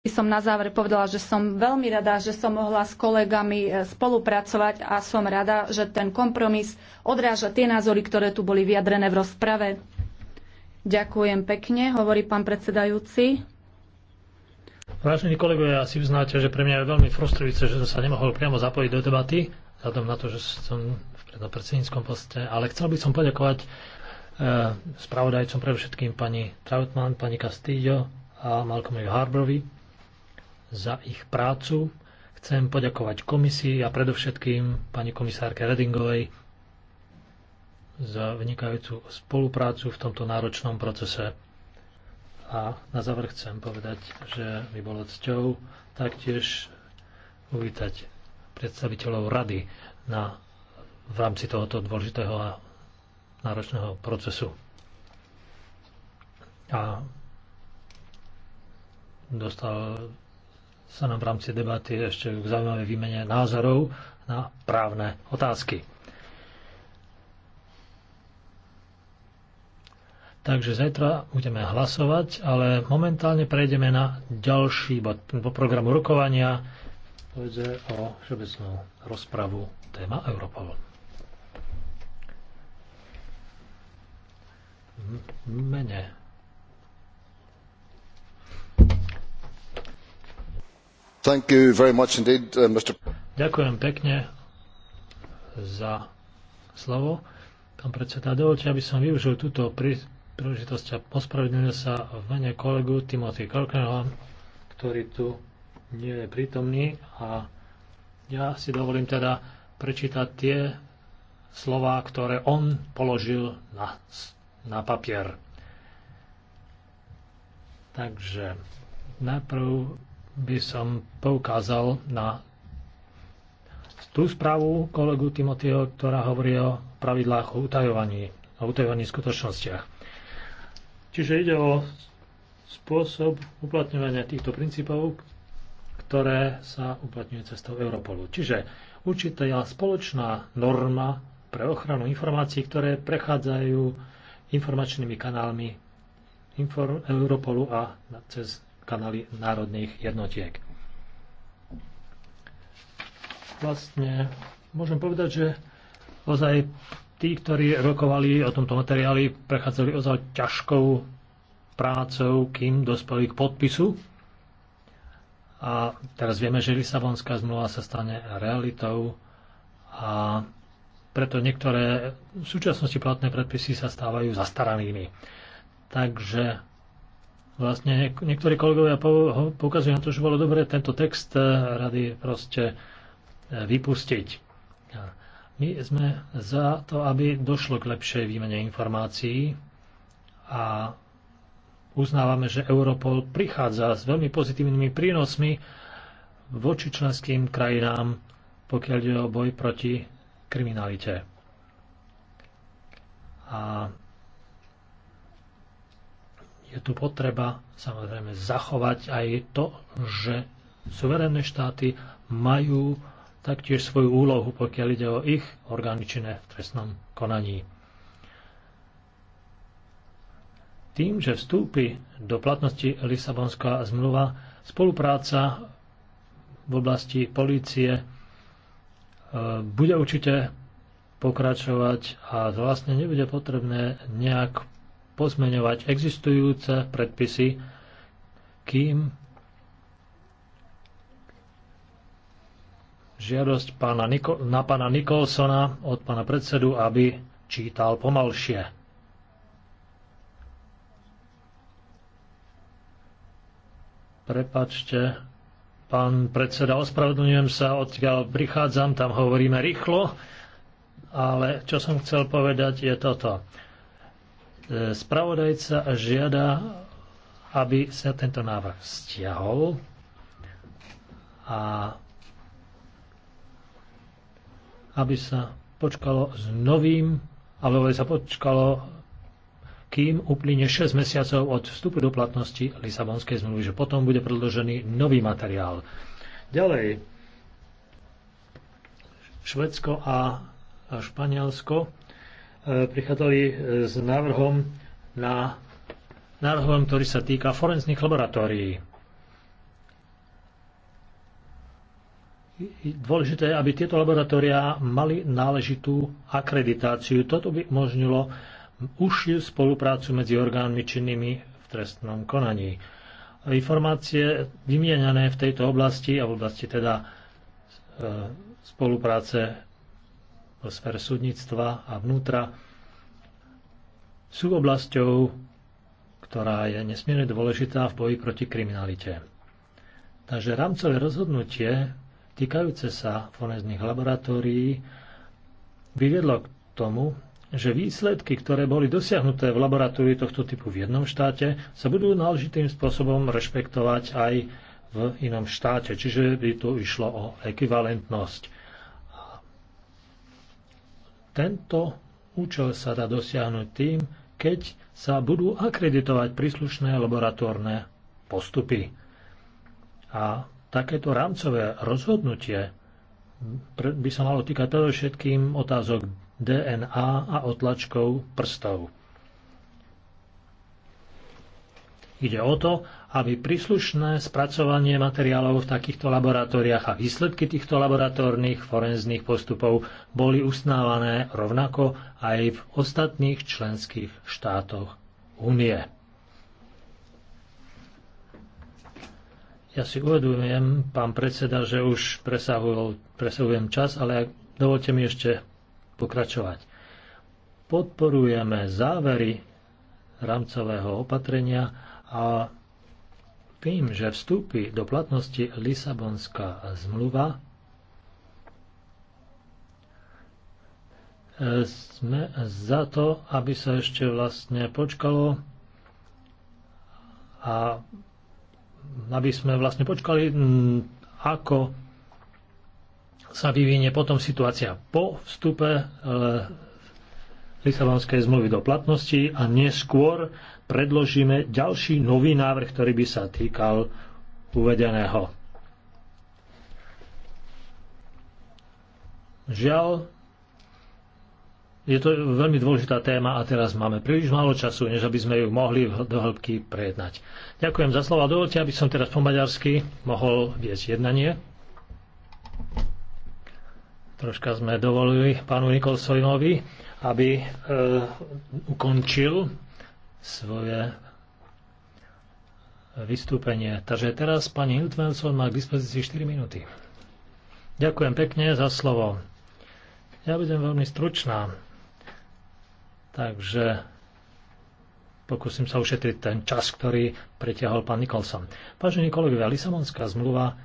by som na záver povedala, že som veľmi rada, že som mohla s kolegami e, spolupracovať a som rada, že ten kompromis odráža tie názory, ktoré tu boli vyjadrené v rozprave. Ďakujem pekne, hovorí pán predsedajúci. Vážení kolegovia, asi uznáte, že pre mňa je veľmi frustrujúce, že som sa nemohol priamo zapojiť do debaty, vzhľadom na to, že som v predsedníckom poste, ale chcel by som poďakovať e, spravodajcom pre všetkým pani Trautmann, pani Castillo a Malcolm Harbrovi, za ich prácu. Chcem poďakovať komisii a predovšetkým pani komisárke Redingovej za vynikajúcu spoluprácu v tomto náročnom procese. A na záver chcem povedať, že mi bolo cťou taktiež uvítať predstaviteľov rady na, v rámci tohoto dôležitého a náročného procesu. A dostal sa nám v rámci debaty ešte k zaujímavej výmene názorov na právne otázky. Takže zajtra budeme hlasovať, ale momentálne prejdeme na ďalší bod po programu rokovania. Pôjde o všeobecnú rozpravu téma Europol. Mene Indeed, uh, Ďakujem pekne za slovo. Pán predseda, dovolte, aby som využil túto príležitosť a ospravedlňujem sa v mene kolegu Timothy Kalkenho, ktorý tu nie je prítomný a ja si dovolím teda prečítať tie slova, ktoré on položil na, na papier. Takže najprv by som poukázal na tú správu kolegu Timotieho, ktorá hovorí o pravidlách o utajovaní, o utajovaní skutočnostiach. Čiže ide o spôsob uplatňovania týchto princípov, ktoré sa uplatňujú cestou Europolu. Čiže určitá spoločná norma pre ochranu informácií, ktoré prechádzajú informačnými kanálmi Europolu a cez kanály národných jednotiek. Vlastne môžem povedať, že ozaj tí, ktorí rokovali o tomto materiáli, prechádzali ozaj ťažkou prácou, kým dospeli k podpisu. A teraz vieme, že Lisabonská zmluva sa stane realitou a preto niektoré v súčasnosti platné predpisy sa stávajú zastaranými. Takže Vlastne niektorí kolegovia poukazujú na to, že bolo dobre tento text e, rady proste e, vypustiť. My sme za to, aby došlo k lepšej výmene informácií a uznávame, že Europol prichádza s veľmi pozitívnymi prínosmi voči členským krajinám, pokiaľ ide o boj proti kriminalite. A je tu potreba samozrejme zachovať aj to, že suverénne štáty majú taktiež svoju úlohu, pokiaľ ide o ich orgány činné v trestnom konaní. Tým, že vstúpi do platnosti Lisabonská zmluva, spolupráca v oblasti polície e, bude určite pokračovať a vlastne nebude potrebné nejak pozmeňovať existujúce predpisy, kým žiadosť pána Niko- na pána Nikolsona od pána predsedu, aby čítal pomalšie. Prepačte, pán predseda, ospravedlňujem sa, odkiaľ prichádzam, tam hovoríme rýchlo, ale čo som chcel povedať je toto. Spravodajca žiada, aby sa tento návrh stiahol a aby sa počkalo s novým, alebo aby sa počkalo, kým uplyne 6 mesiacov od vstupu do platnosti Lisabonskej zmluvy, že potom bude predložený nový materiál. Ďalej, Švedsko a Španielsko E, prichádzali e, s návrhom na návrhom, ktorý sa týka forenzných laboratórií. Dôležité je, aby tieto laboratória mali náležitú akreditáciu. Toto by umožnilo užšiu spoluprácu medzi orgánmi činnými v trestnom konaní. Informácie vymienené v tejto oblasti a v oblasti teda e, spolupráce do sfer súdnictva a vnútra, sú oblasťou, ktorá je nesmierne dôležitá v boji proti kriminalite. Takže rámcové rozhodnutie týkajúce sa forenzných laboratórií vyvedlo k tomu, že výsledky, ktoré boli dosiahnuté v laboratóriu tohto typu v jednom štáte, sa budú náležitým spôsobom rešpektovať aj v inom štáte. Čiže by tu išlo o ekvivalentnosť. Tento účel sa dá dosiahnuť tým, keď sa budú akreditovať príslušné laboratórne postupy. A takéto rámcové rozhodnutie by sa malo týkať predovšetkým otázok DNA a otlačkov prstov. Ide o to, aby príslušné spracovanie materiálov v takýchto laboratóriách a výsledky týchto laboratórnych forenzných postupov boli uznávané rovnako aj v ostatných členských štátoch únie. Ja si uvedujem, pán predseda, že už presahujem čas, ale dovolte mi ešte pokračovať. Podporujeme závery rámcového opatrenia a tým, že vstúpi do platnosti Lisabonská zmluva, e, sme za to, aby sa ešte vlastne počkalo a aby sme vlastne počkali, ako sa vyvinie potom situácia po vstupe e, Lisabonskej zmluvy do platnosti a neskôr predložíme ďalší nový návrh, ktorý by sa týkal uvedeného. Žiaľ, je to veľmi dôležitá téma a teraz máme príliš málo času, než aby sme ju mohli do hĺbky prejednať. Ďakujem za slova. Dovolte, aby som teraz po maďarsky mohol viesť jednanie. Troška sme dovolili pánu Nikolsojnovi, aby e, ukončil svoje vystúpenie. Takže teraz pani Hiltvenson má k dispozícii 4 minúty. Ďakujem pekne za slovo. Ja budem veľmi stručná, takže pokúsim sa ušetriť ten čas, ktorý pretiahol pán Nikolson. Vážení kolegovia, Lisabonská zmluva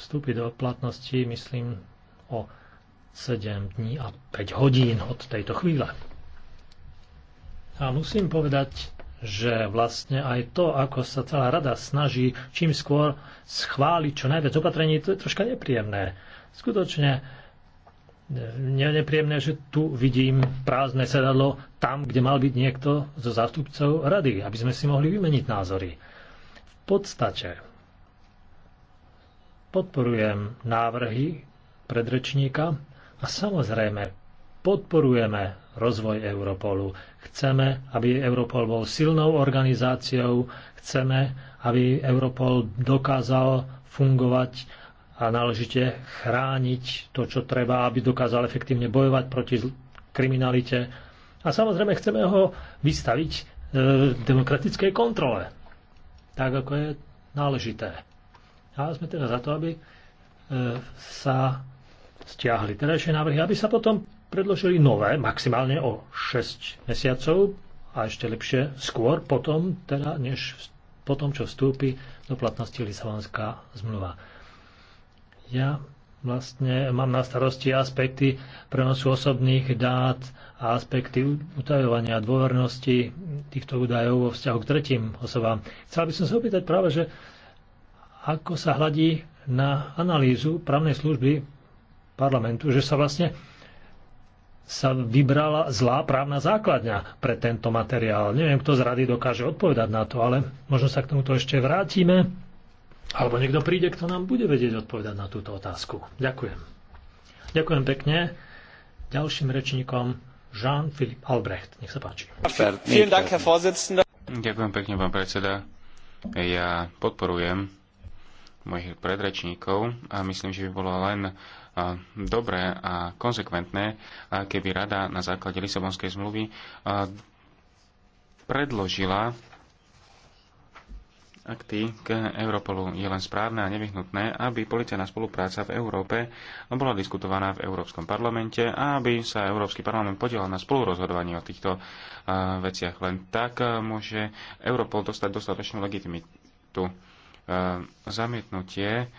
vstúpi do platnosti, myslím, o 7 dní a 5 hodín od tejto chvíle. A musím povedať, že vlastne aj to, ako sa celá rada snaží čím skôr schváliť čo najviac opatrení, to je troška nepríjemné. Skutočne je nepríjemné, že tu vidím prázdne sedadlo tam, kde mal byť niekto zo zástupcov rady, aby sme si mohli vymeniť názory. V podstate podporujem návrhy predrečníka a samozrejme podporujeme rozvoj Europolu. Chceme, aby Europol bol silnou organizáciou, chceme, aby Europol dokázal fungovať a náležite chrániť to, čo treba, aby dokázal efektívne bojovať proti kriminalite. A samozrejme chceme ho vystaviť e, demokratickej kontrole, tak ako je náležité. A sme teda za to, aby e, sa stiahli terajšie návrhy, aby sa potom predložili nové, maximálne o 6 mesiacov a ešte lepšie skôr potom, teda, než po tom, čo vstúpi do platnosti Lisabonská zmluva. Ja vlastne mám na starosti aspekty prenosu osobných dát a aspekty utajovania a dôvernosti týchto údajov vo vzťahu k tretím osobám. Chcel by som sa opýtať práve, že ako sa hľadí na analýzu právnej služby parlamentu, že sa vlastne sa vybrala zlá právna základňa pre tento materiál. Neviem, kto z rady dokáže odpovedať na to, ale možno sa k tomuto ešte vrátime. Alebo niekto príde, kto nám bude vedieť odpovedať na túto otázku. Ďakujem. Ďakujem pekne. Ďalším rečníkom Jean-Philippe Albrecht. Nech sa páči. Ďakujem pekne, pán predseda. Ja podporujem mojich predrečníkov a myslím, že by bolo len dobré a konzekventné, keby rada na základe Lisabonskej zmluvy predložila akty k Europolu je len správne a nevyhnutné, aby policajná spolupráca v Európe bola diskutovaná v Európskom parlamente a aby sa Európsky parlament podielal na spolurozhodovaní o týchto veciach. Len tak môže Europol dostať dostatočnú legitimitu. zamietnutie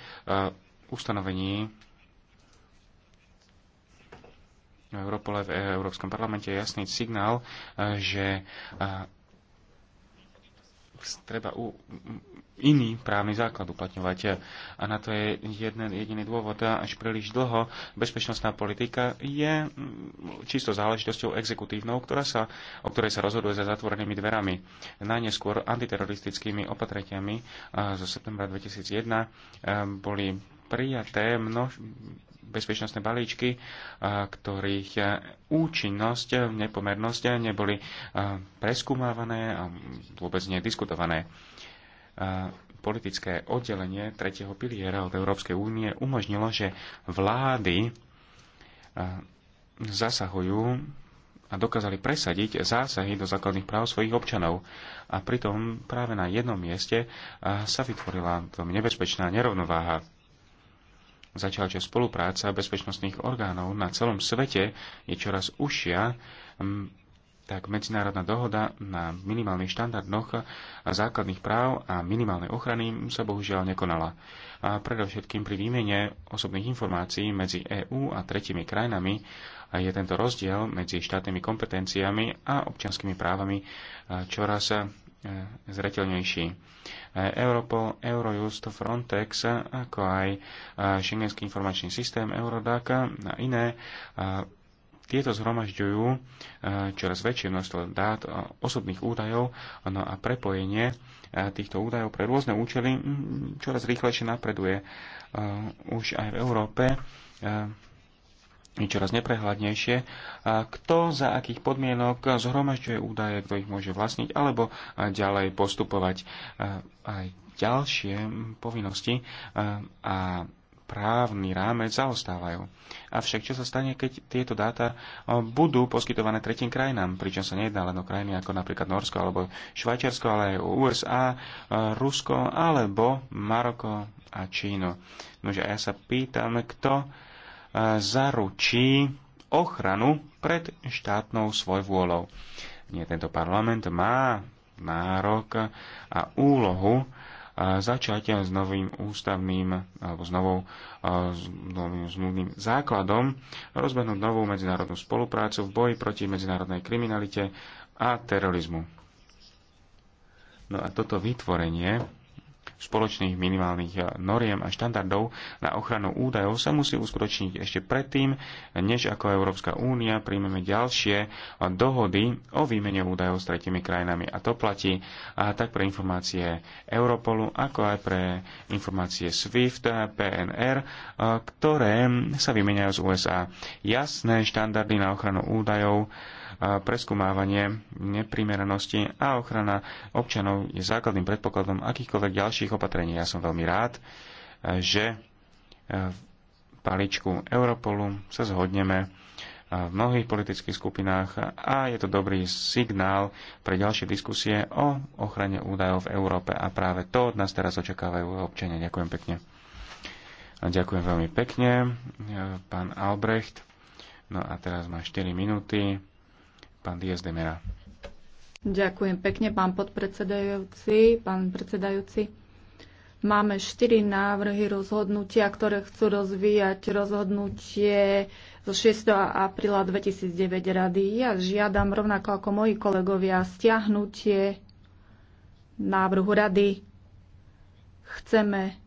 ustanovení Europole v Európskom parlamente je jasný signál, eh, že eh, treba u, iný právny základ uplatňovať. A na to je jeden jediný dôvod. Eh, až príliš dlho bezpečnostná politika je mm, čisto záležitosťou exekutívnou, ktorá sa, o ktorej sa rozhoduje za zatvorenými dverami. Najneskôr antiteroristickými opatreniami zo septembra 2001 boli prijaté množ, bezpečnostné balíčky, ktorých účinnosť, nepomernosť neboli preskúmávané a vôbec nediskutované. Politické oddelenie tretieho piliera od Európskej únie umožnilo, že vlády zasahujú a dokázali presadiť zásahy do základných práv svojich občanov. A pritom práve na jednom mieste sa vytvorila nebezpečná nerovnováha Začal, že spolupráca bezpečnostných orgánov na celom svete je čoraz užšia, tak medzinárodná dohoda na minimálnych štandardoch základných práv a minimálnej ochrany sa bohužiaľ nekonala. A predovšetkým pri výmene osobných informácií medzi EÚ a tretimi krajinami je tento rozdiel medzi štátnymi kompetenciami a občianskými právami čoraz E, zretelnejší. E, Europol, Eurojust, Frontex, ako aj e, Schengenský informačný systém Eurodac a iné tieto zhromažďujú čoraz väčšie množstvo dát, osobných údajov no a prepojenie týchto údajov pre rôzne účely čoraz rýchlejšie napreduje. Už aj v Európe čoraz neprehľadnejšie, kto za akých podmienok zhromažďuje údaje, kto ich môže vlastniť, alebo ďalej postupovať aj ďalšie povinnosti a právny rámec zaostávajú. Avšak čo sa stane, keď tieto dáta budú poskytované tretím krajinám, pričom sa nejedná len o krajiny ako napríklad Norsko alebo Švajčiarsko, ale aj USA, Rusko alebo Maroko a Čínu. Nože ja sa pýtam, kto zaručí ochranu pred štátnou svojvôľou. Nie, tento parlament má nárok a úlohu začať s novým ústavným alebo s, novou, s novým zmluvným základom, rozbehnúť novú medzinárodnú spoluprácu v boji proti medzinárodnej kriminalite a terorizmu. No a toto vytvorenie spoločných minimálnych eh, noriem a štandardov na ochranu údajov sa musí uskutočniť ešte predtým, než ako Európska únia príjmeme ďalšie eh, dohody o výmene údajov s tretimi krajinami. A to platí a eh, tak pre informácie Europolu, ako aj pre informácie SWIFT, PNR, ktoré sa vymeniajú z USA. Jasné štandardy na ochranu údajov preskumávanie neprimeranosti a ochrana občanov je základným predpokladom akýchkoľvek ďalších opatrení. Ja som veľmi rád, e, že e, v paličku Europolu sa zhodneme e, v mnohých politických skupinách a je to dobrý signál pre ďalšie diskusie o ochrane údajov v Európe a práve to od nás teraz očakávajú občania. Ďakujem pekne. A ďakujem veľmi pekne, pán Albrecht. No a teraz má 4 minúty pán Díaz de Mera. Ďakujem pekne, pán podpredsedajúci, pán predsedajúci. Máme štyri návrhy rozhodnutia, ktoré chcú rozvíjať rozhodnutie zo 6. apríla 2009 rady. Ja žiadam rovnako ako moji kolegovia stiahnutie návrhu rady. Chceme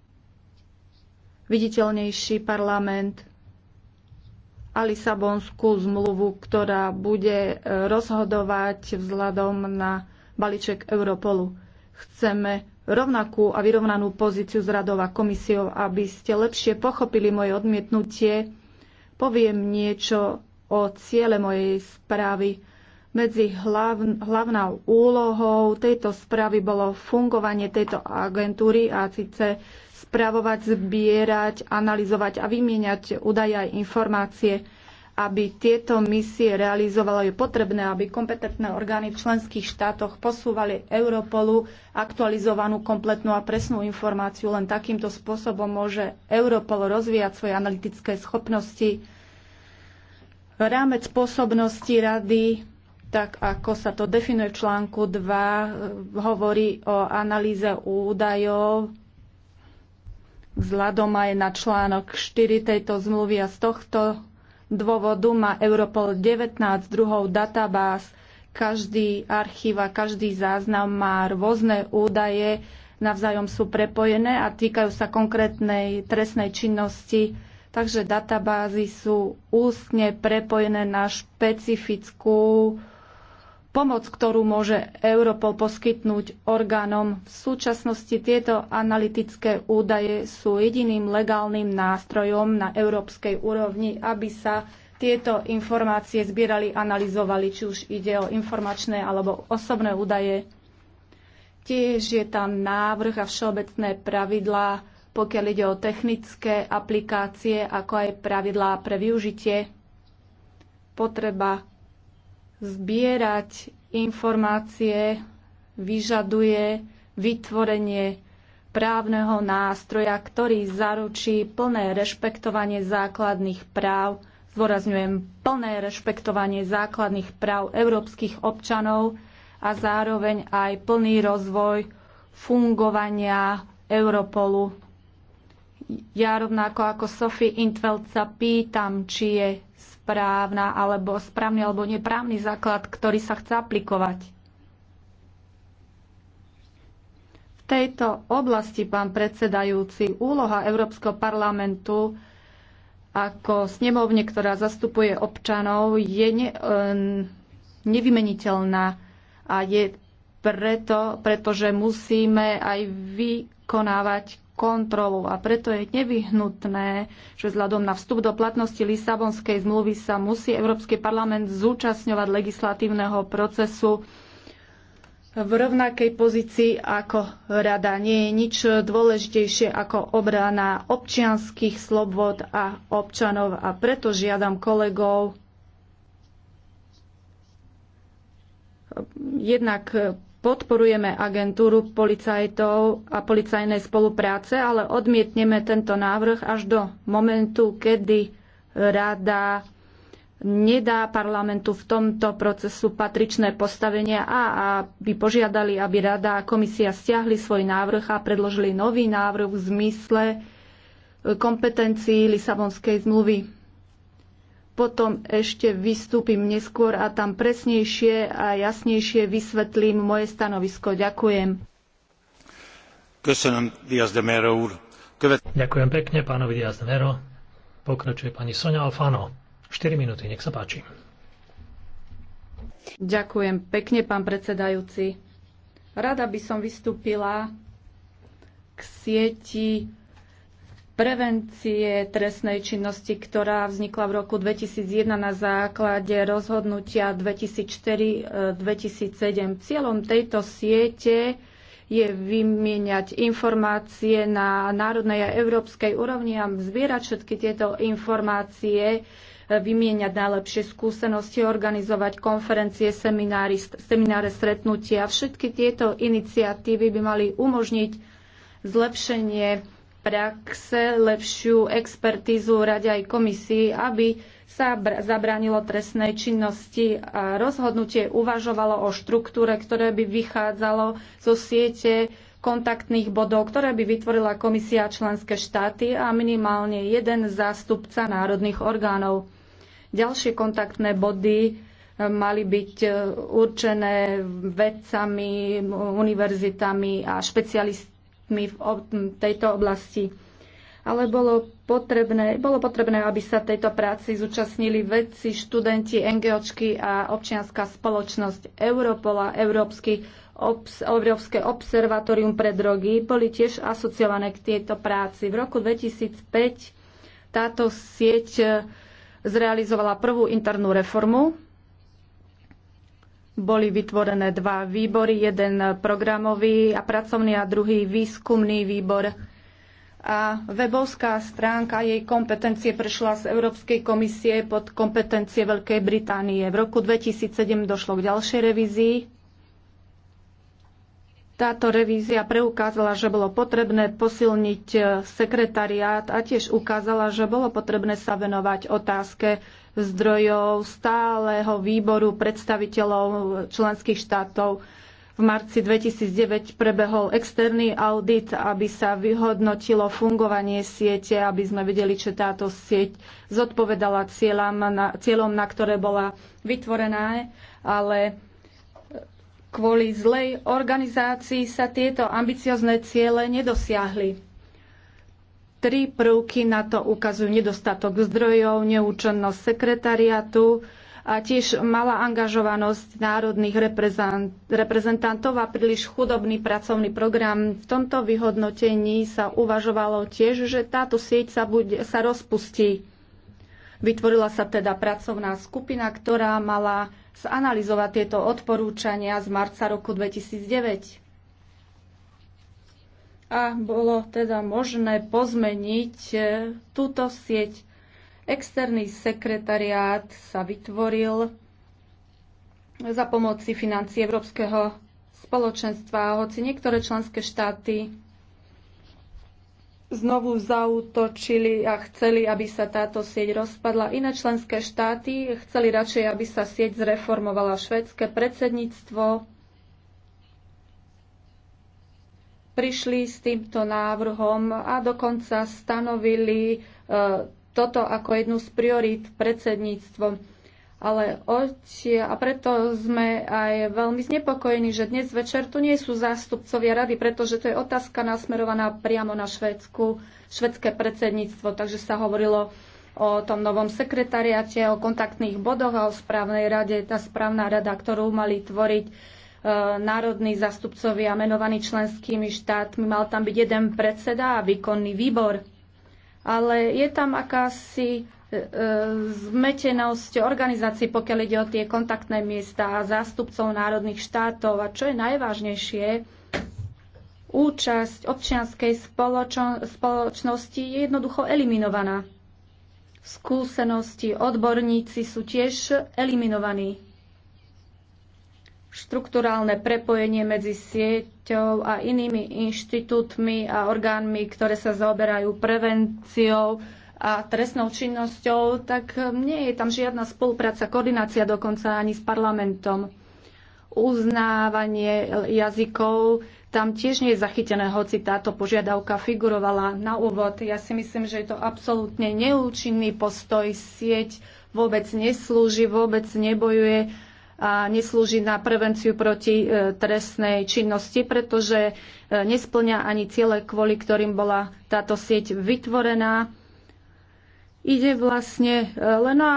viditeľnejší parlament, a Lisabonskú zmluvu, ktorá bude e, rozhodovať vzhľadom na balíček Europolu. Chceme rovnakú a vyrovnanú pozíciu s radou a komisiou, aby ste lepšie pochopili moje odmietnutie. Poviem niečo o ciele mojej správy. Medzi hlav, hlavnou úlohou tejto správy bolo fungovanie tejto agentúry a síce spravovať, zbierať, analyzovať a vymieňať údaje a informácie. Aby tieto misie realizovalo, je potrebné, aby kompetentné orgány v členských štátoch posúvali Europolu aktualizovanú, kompletnú a presnú informáciu. Len takýmto spôsobom môže Europol rozvíjať svoje analytické schopnosti. Rámec spôsobnosti rady tak ako sa to definuje v článku 2, hovorí o analýze údajov vzhľadom aj na článok 4 tejto zmluvy a z tohto dôvodu má Europol 19 druhov databáz. Každý archív a každý záznam má rôzne údaje, navzájom sú prepojené a týkajú sa konkrétnej trestnej činnosti. Takže databázy sú ústne prepojené na špecifickú pomoc, ktorú môže Europol poskytnúť orgánom. V súčasnosti tieto analytické údaje sú jediným legálnym nástrojom na európskej úrovni, aby sa tieto informácie zbierali, analyzovali, či už ide o informačné alebo osobné údaje. Tiež je tam návrh a všeobecné pravidlá, pokiaľ ide o technické aplikácie, ako aj pravidlá pre využitie. Potreba Zbierať informácie vyžaduje vytvorenie právneho nástroja, ktorý zaručí plné rešpektovanie základných práv, zdôrazňujem plné rešpektovanie základných práv európskych občanov a zároveň aj plný rozvoj fungovania Europolu. Ja rovnako ako Sophie Intveld sa pýtam, či je správna alebo správny alebo neprávny základ, ktorý sa chce aplikovať. V tejto oblasti, pán predsedajúci, úloha Európskeho parlamentu ako snemovne, ktorá zastupuje občanov, je ne, e, nevymeniteľná a je preto, pretože musíme aj vykonávať kontrolu a preto je nevyhnutné, že vzhľadom na vstup do platnosti Lisabonskej zmluvy sa musí Európsky parlament zúčastňovať legislatívneho procesu v rovnakej pozícii ako rada. Nie je nič dôležitejšie ako obrana občianských slobod a občanov a preto žiadam kolegov jednak podporujeme agentúru policajtov a policajnej spolupráce, ale odmietneme tento návrh až do momentu, kedy rada nedá parlamentu v tomto procesu patričné postavenia a by požiadali, aby rada a komisia stiahli svoj návrh a predložili nový návrh v zmysle kompetencií Lisabonskej zmluvy. Potom ešte vystúpim neskôr a tam presnejšie a jasnejšie vysvetlím moje stanovisko. Ďakujem. Ďakujem pekne pánovi Diaz de Mero. Pokračuje pani Sonia Alfano. 4 minúty, nech sa páči. Ďakujem pekne, pán predsedajúci. Rada by som vystúpila k sieti prevencie trestnej činnosti, ktorá vznikla v roku 2001 na základe rozhodnutia 2004-2007. Cieľom tejto siete je vymieňať informácie na národnej a európskej úrovni a zbierať všetky tieto informácie, vymieňať najlepšie skúsenosti, organizovať konferencie, seminári, semináre, stretnutia. Všetky tieto iniciatívy by mali umožniť zlepšenie praxe, lepšiu expertízu rade aj komisii, aby sa zabránilo trestnej činnosti a rozhodnutie uvažovalo o štruktúre, ktoré by vychádzalo zo siete kontaktných bodov, ktoré by vytvorila komisia členské štáty a minimálne jeden zástupca národných orgánov. Ďalšie kontaktné body eh, mali byť eh, určené vedcami, univerzitami a špecialistami v tejto oblasti. Ale bolo potrebné, bolo potrebné, aby sa tejto práci zúčastnili vedci, študenti, NGOčky a občianská spoločnosť Europola, Európsky, Európske observatórium pre drogy boli tiež asociované k tejto práci. V roku 2005 táto sieť eh, zrealizovala prvú internú reformu boli vytvorené dva výbory, jeden programový a pracovný a druhý výskumný výbor. A webovská stránka jej kompetencie prešla z Európskej komisie pod kompetencie Veľkej Británie. V roku 2007 došlo k ďalšej revízii táto revízia preukázala, že bolo potrebné posilniť e, sekretariát a tiež ukázala, že bolo potrebné sa venovať otázke zdrojov stáleho výboru predstaviteľov členských štátov. V marci 2009 prebehol externý audit, aby sa vyhodnotilo fungovanie siete, aby sme vedeli, či táto sieť zodpovedala cieľom, na, cieľom, na ktoré bola vytvorená, ale kvôli zlej organizácii sa tieto ambiciozne ciele nedosiahli. Tri prvky na to ukazujú nedostatok zdrojov, neúčennosť sekretariatu a tiež malá angažovanosť národných reprezentantov a príliš chudobný pracovný program. V tomto vyhodnotení sa uvažovalo tiež, že táto sieť sa, bude, sa rozpustí. Vytvorila sa teda pracovná skupina, ktorá mala zanalizovať tieto odporúčania z marca roku 2009. A bolo teda možné pozmeniť e, túto sieť. Externý sekretariát sa vytvoril za pomoci financie Európskeho spoločenstva, hoci niektoré členské štáty znovu zautočili a chceli, aby sa táto sieť rozpadla. Iné členské štáty chceli radšej, aby sa sieť zreformovala. Švedské predsedníctvo prišli s týmto návrhom a dokonca stanovili e, toto ako jednu z priorít predsedníctvom ale otie, a preto sme aj veľmi znepokojení, že dnes večer tu nie sú zástupcovia rady, pretože to je otázka nasmerovaná priamo na Švédsku švedské predsedníctvo, takže sa hovorilo o tom novom sekretariate, o kontaktných bodoch a o správnej rade. Tá správna rada, ktorú mali tvoriť e, národní zástupcovia menovaní členskými štátmi, mal tam byť jeden predseda a výkonný výbor. Ale je tam akási zmetenosť organizácií, pokiaľ ide o tie kontaktné miesta a zástupcov národných štátov. A čo je najvážnejšie, účasť občianskej spoločo- spoločnosti je jednoducho eliminovaná. Skúsenosti, odborníci sú tiež eliminovaní. Štruktúrálne prepojenie medzi sieťou a inými inštitútmi a orgánmi, ktoré sa zaoberajú prevenciou, a trestnou činnosťou, tak ehm, nie je tam žiadna spolupráca, koordinácia dokonca ani s parlamentom. Uznávanie jazykov tam tiež nie je zachytené, hoci táto požiadavka figurovala na úvod. Ja si myslím, že je to absolútne neúčinný postoj. Sieť vôbec neslúži, vôbec nebojuje a neslúži na prevenciu proti e, trestnej činnosti, pretože e, nesplňa ani ciele, kvôli ktorým bola táto sieť vytvorená Ide vlastne e, len o,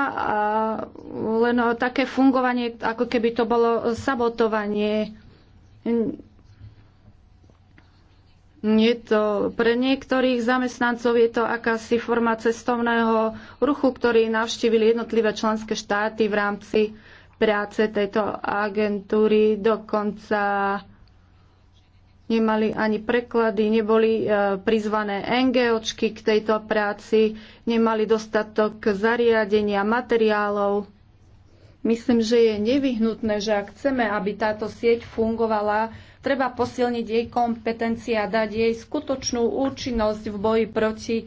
len o také fungovanie, ako keby to bolo sabotovanie. Je to, pre niektorých zamestnancov je to akási forma cestovného ruchu, ktorý navštívili jednotlivé členské štáty v rámci práce tejto agentúry. Dokonca nemali ani preklady, neboli e, prizvané NGOčky k tejto práci, nemali dostatok zariadenia, materiálov. Myslím, že je nevyhnutné, že ak chceme, aby táto sieť fungovala, treba posilniť jej kompetencie a dať jej skutočnú účinnosť v boji proti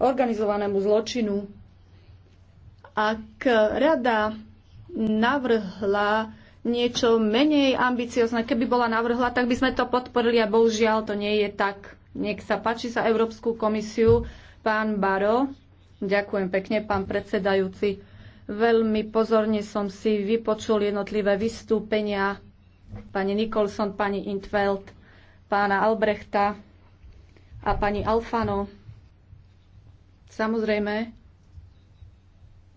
organizovanému zločinu. Ak rada navrhla niečo menej ambiciozne. Keby bola navrhla, tak by sme to podporili a bohužiaľ to nie je tak. Nech sa páči sa Európsku komisiu. Pán Baro, ďakujem pekne, pán predsedajúci. Veľmi pozorne som si vypočul jednotlivé vystúpenia pani Nikolson, pani Intveld, pána Albrechta a pani Alfano. Samozrejme,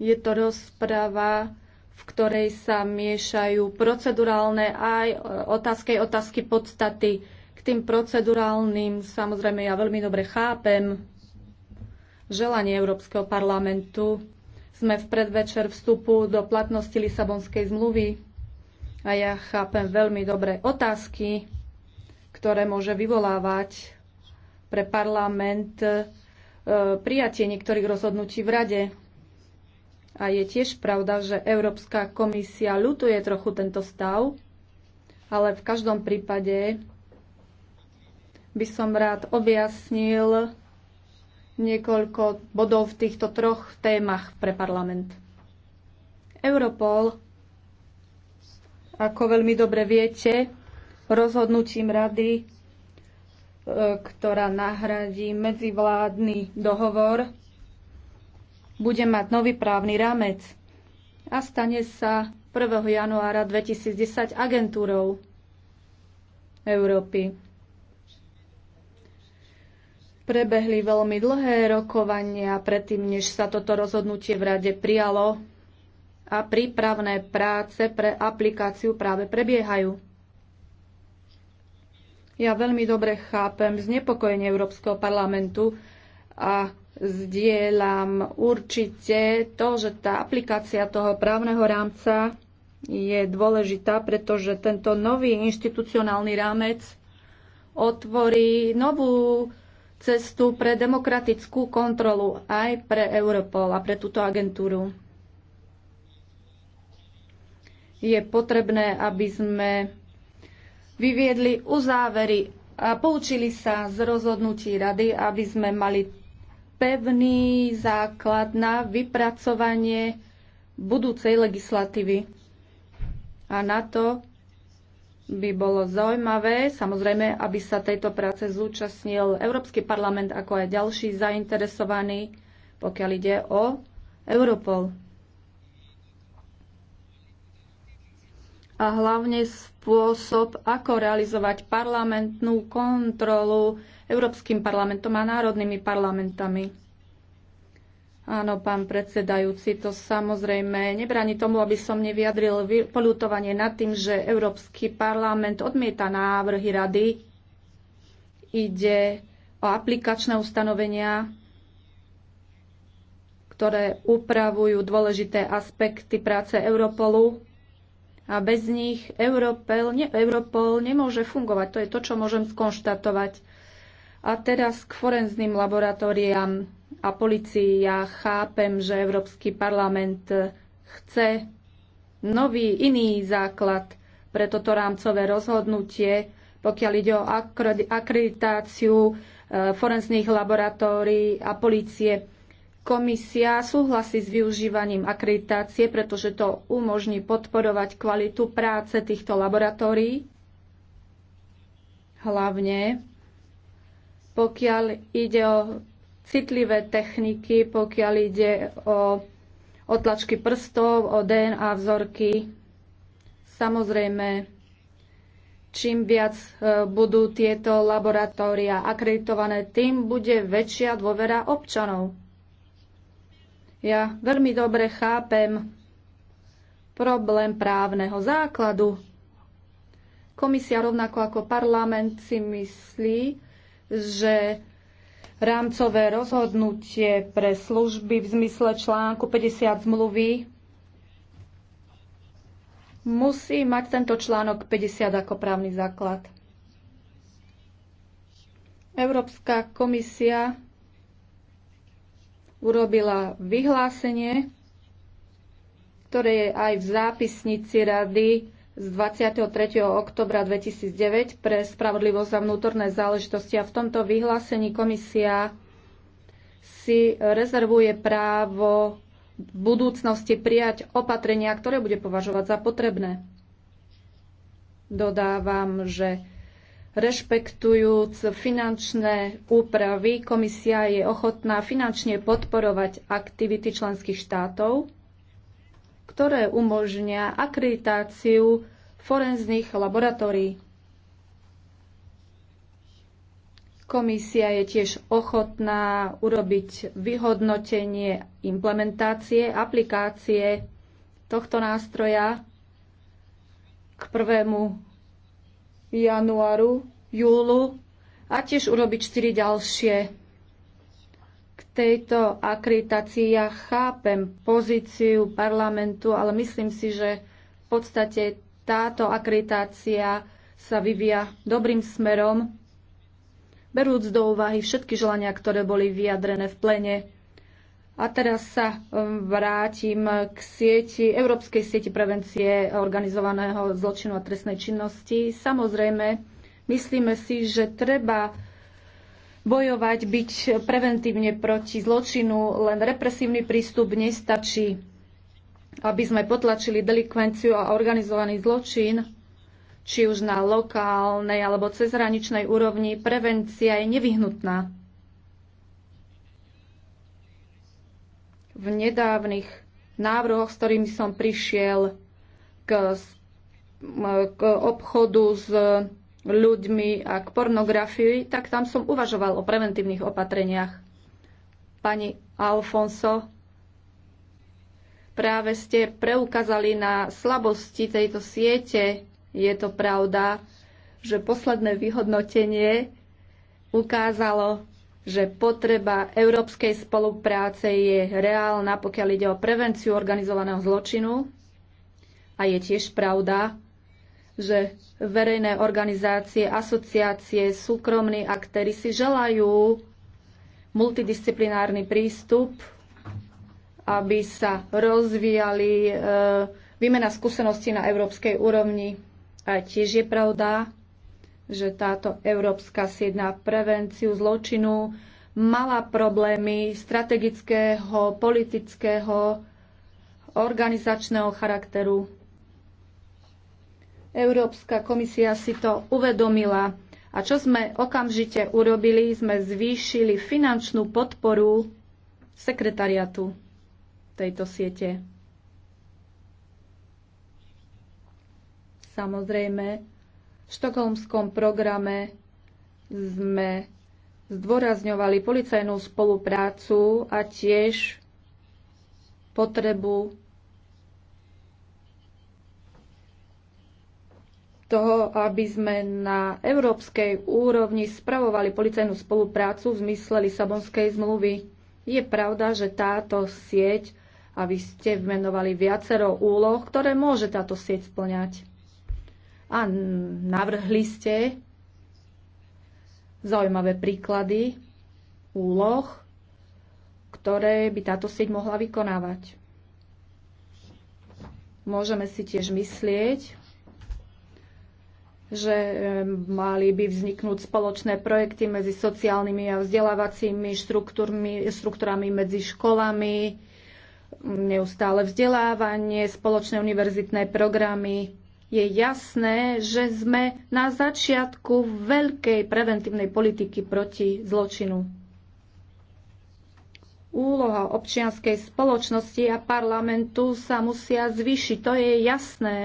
je to rozpráva v ktorej sa miešajú procedurálne aj e, otázky, otázky podstaty. K tým procedurálnym samozrejme ja veľmi dobre chápem želanie Európskeho parlamentu. Sme v predvečer vstupu do platnosti Lisabonskej zmluvy a ja chápem veľmi dobre otázky, ktoré môže vyvolávať pre parlament e, prijatie niektorých rozhodnutí v Rade a je tiež pravda, že Európska komisia ľutuje trochu tento stav, ale v každom prípade by som rád objasnil niekoľko bodov v týchto troch témach pre parlament. Europol, ako veľmi dobre viete, rozhodnutím rady, e, ktorá nahradí medzivládny dohovor bude mať nový právny rámec a stane sa 1. januára 2010 agentúrou Európy. Prebehli veľmi dlhé rokovania predtým, než sa toto rozhodnutie v Rade prijalo a prípravné práce pre aplikáciu práve prebiehajú. Ja veľmi dobre chápem znepokojenie Európskeho parlamentu a Zdieľam určite to, že tá aplikácia toho právneho rámca je dôležitá, pretože tento nový inštitucionálny rámec otvorí novú cestu pre demokratickú kontrolu aj pre Europol a pre túto agentúru. Je potrebné, aby sme vyviedli uzávery a poučili sa z rozhodnutí rady, aby sme mali pevný základ na vypracovanie budúcej legislatívy. A na to by bolo zaujímavé, samozrejme, aby sa tejto práce zúčastnil Európsky parlament ako aj ďalší zainteresovaní, pokiaľ ide o Europol. A hlavne spôsob, ako realizovať parlamentnú kontrolu Európskym parlamentom a národnými parlamentami. Áno, pán predsedajúci, to samozrejme nebráni tomu, aby som nevyjadril polutovanie nad tým, že Európsky parlament odmieta návrhy rady. Ide o aplikačné ustanovenia, ktoré upravujú dôležité aspekty práce Europolu a bez nich Europol, ne, Europol nemôže fungovať. To je to, čo môžem skonštatovať. A teraz k forenzným laboratóriám a policii. Ja chápem, že Európsky parlament chce nový, iný základ pre toto rámcové rozhodnutie, pokiaľ ide o akreditáciu e, forenzných laboratórií a policie. Komisia súhlasí s využívaním akreditácie, pretože to umožní podporovať kvalitu práce týchto laboratórií, hlavne pokiaľ ide o citlivé techniky, pokiaľ ide o otlačky prstov, o DNA vzorky. Samozrejme, čím viac e, budú tieto laboratória akreditované, tým bude väčšia dôvera občanov. Ja veľmi dobre chápem problém právneho základu. Komisia rovnako ako parlament si myslí, že rámcové rozhodnutie pre služby v zmysle článku 50 zmluvy musí mať tento článok 50 ako právny základ. Európska komisia urobila vyhlásenie, ktoré je aj v zápisnici rady z 23. oktobra 2009 pre spravodlivosť a vnútorné záležitosti a v tomto vyhlásení komisia si rezervuje právo v budúcnosti prijať opatrenia, ktoré bude považovať za potrebné. Dodávam, že rešpektujúc finančné úpravy, komisia je ochotná finančne podporovať aktivity členských štátov ktoré umožnia akreditáciu forenzných laboratórií. Komisia je tiež ochotná urobiť vyhodnotenie implementácie, aplikácie tohto nástroja k 1. januáru, júlu a tiež urobiť 4 ďalšie tejto akreditácii ja chápem pozíciu parlamentu, ale myslím si, že v podstate táto akreditácia sa vyvíja dobrým smerom, berúc do úvahy všetky želania, ktoré boli vyjadrené v plene. A teraz sa um, vrátim k sieti, Európskej sieti prevencie organizovaného zločinu a trestnej činnosti. Samozrejme, myslíme si, že treba bojovať, byť preventívne proti zločinu, len represívny prístup nestačí. Aby sme potlačili delikvenciu a organizovaný zločin, či už na lokálnej alebo cezhraničnej úrovni, prevencia je nevyhnutná. V nedávnych návrhoch, s ktorými som prišiel k, k obchodu s ľuďmi a k pornografii, tak tam som uvažoval o preventívnych opatreniach. Pani Alfonso, práve ste preukázali na slabosti tejto siete. Je to pravda, že posledné vyhodnotenie ukázalo, že potreba európskej spolupráce je reálna, pokiaľ ide o prevenciu organizovaného zločinu. A je tiež pravda, že verejné organizácie, asociácie, súkromní aktéry si želajú multidisciplinárny prístup, aby sa rozvíjali e, výmena skúseností na európskej úrovni. A tiež je pravda, že táto Európska sieť na prevenciu zločinu mala problémy strategického, politického, organizačného charakteru Európska komisia si to uvedomila. A čo sme okamžite urobili, sme zvýšili finančnú podporu sekretariatu tejto siete. Samozrejme, v štokholmskom programe sme zdôrazňovali policajnú spoluprácu a tiež potrebu toho, aby sme na európskej úrovni spravovali policajnú spoluprácu v zmysle Lisabonskej zmluvy. Je pravda, že táto sieť, a vy ste vmenovali viacero úloh, ktoré môže táto sieť splňať. A navrhli ste zaujímavé príklady úloh, ktoré by táto sieť mohla vykonávať. Môžeme si tiež myslieť, že eh, mali by vzniknúť spoločné projekty medzi sociálnymi a vzdelávacími štruktúrami, medzi školami, neustále vzdelávanie, spoločné univerzitné programy. Je jasné, že sme na začiatku veľkej preventívnej politiky proti zločinu. Úloha občianskej spoločnosti a parlamentu sa musia zvýšiť, to je jasné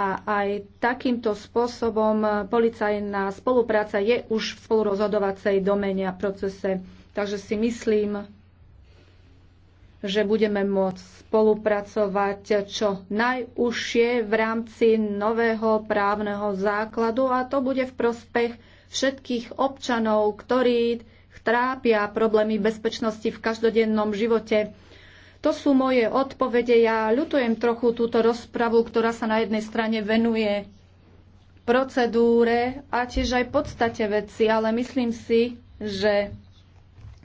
a aj takýmto spôsobom policajná spolupráca je už v spolurozhodovacej domene a procese. Takže si myslím, že budeme môcť spolupracovať čo najúžšie v rámci nového právneho základu a to bude v prospech všetkých občanov, ktorí trápia problémy bezpečnosti v každodennom živote. To sú moje odpovede. Ja ľutujem trochu túto rozpravu, ktorá sa na jednej strane venuje procedúre a tiež aj podstate veci, ale myslím si, že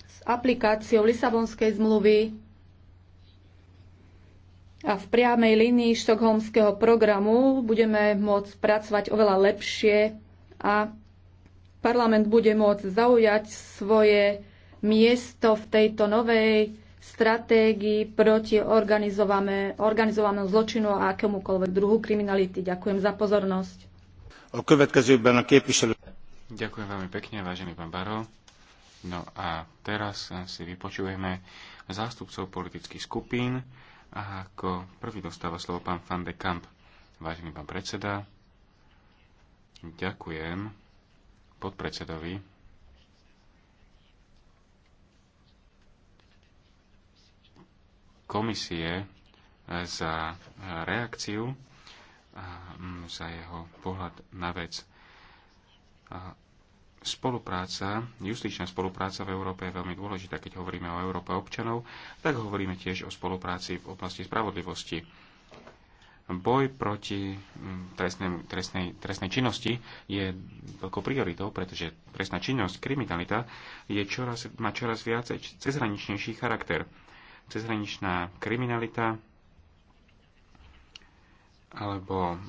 s aplikáciou Lisabonskej zmluvy a v priamej línii štokholmského programu budeme môcť pracovať oveľa lepšie a parlament bude môcť zaujať svoje miesto v tejto novej Stratégii proti organizovanému zločinu a akémukoľvek druhu kriminality. Ďakujem za pozornosť. Ďakujem veľmi pekne, vážený pán Baro. No a teraz si vypočujeme zástupcov politických skupín a ako prvý dostáva slovo pán Van de Kamp. Vážený pán predseda, ďakujem podpredsedovi komisie eh, za eh, reakciu, mm, za jeho pohľad na vec. Spolupráca, justičná spolupráca v Európe je veľmi dôležitá. Keď hovoríme o Európe občanov, tak hovoríme tiež o spolupráci v oblasti spravodlivosti. Boj proti mm, trestnej, trestnej, trestnej činnosti je veľkou prioritou, pretože trestná činnosť, kriminalita je čoraz, má čoraz viac cezhraničnejší charakter cezhraničná kriminalita alebo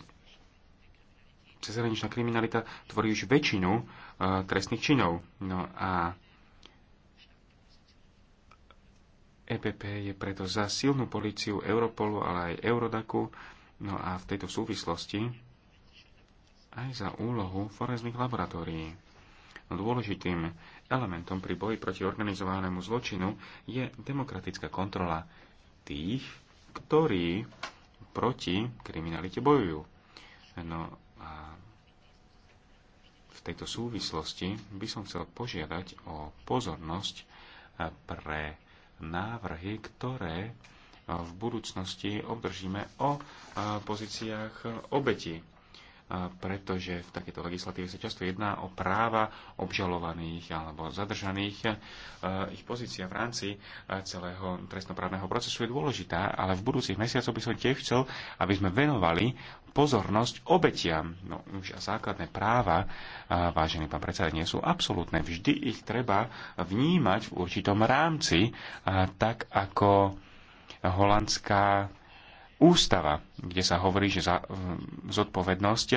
cezhraničná kriminalita tvorí už väčšinu e, trestných činov. No a EPP je preto za silnú políciu Europolu, ale aj Eurodaku, no a v tejto súvislosti aj za úlohu forenzných laboratórií dôležitým elementom pri boji proti organizovanému zločinu je demokratická kontrola tých, ktorí proti kriminalite bojujú. No a v tejto súvislosti by som chcel požiadať o pozornosť pre návrhy, ktoré v budúcnosti obdržíme o pozíciách obetí pretože v takejto legislatíve sa často jedná o práva obžalovaných alebo zadržaných. E, ich pozícia v rámci e, celého trestnoprávneho procesu je dôležitá, ale v budúcich mesiacoch by som tiež chcel, aby sme venovali pozornosť obetiam. No už a základné práva, e, vážený pán predseda, nie sú absolútne. Vždy ich treba vnímať v určitom rámci, tak ako holandská ústava, kde sa hovorí, že za, zodpovednosť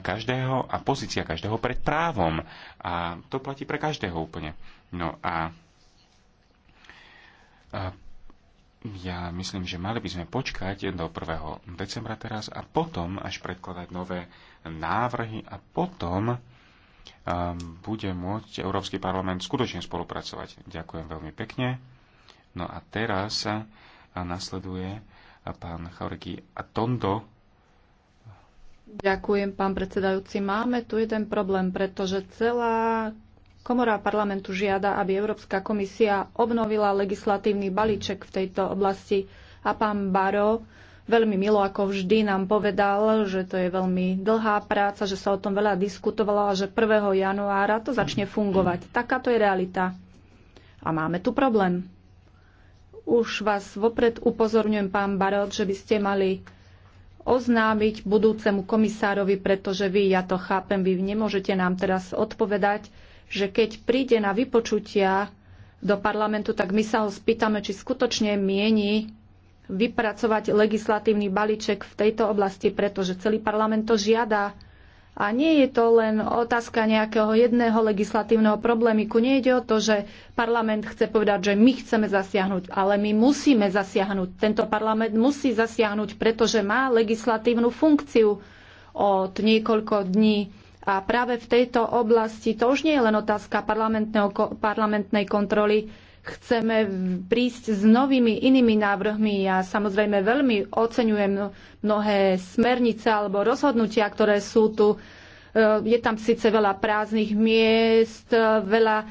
každého a pozícia každého pred právom. A to platí pre každého úplne. No a, a ja myslím, že mali by sme počkať do 1. decembra teraz a potom až predkladať nové návrhy a potom um, bude môcť Európsky parlament skutočne spolupracovať. Ďakujem veľmi pekne. No a teraz a nasleduje a pán Chorgi a Tondo. Ďakujem, pán predsedajúci. Máme tu jeden problém, pretože celá Komora parlamentu žiada, aby Európska komisia obnovila legislatívny balíček v tejto oblasti a pán Baro veľmi milo ako vždy nám povedal, že to je veľmi dlhá práca, že sa o tom veľa diskutovalo a že 1. januára to začne fungovať. Takáto je realita. A máme tu problém už vás vopred upozorňujem, pán Barot, že by ste mali oznámiť budúcemu komisárovi, pretože vy, ja to chápem, vy nemôžete nám teraz odpovedať, že keď príde na vypočutia do parlamentu, tak my sa ho spýtame, či skutočne mieni vypracovať legislatívny balíček v tejto oblasti, pretože celý parlament to žiada. A nie je to len otázka nejakého jedného legislatívneho problémiku. Nie ide o to, že parlament chce povedať, že my chceme zasiahnuť, ale my musíme zasiahnuť. Tento parlament musí zasiahnuť, pretože má legislatívnu funkciu od niekoľko dní. A práve v tejto oblasti to už nie je len otázka parlamentnej kontroly, chceme prísť s novými inými návrhmi. Ja samozrejme veľmi oceňujem mnohé smernice alebo rozhodnutia, ktoré sú tu. E, je tam síce veľa prázdnych miest, veľa e,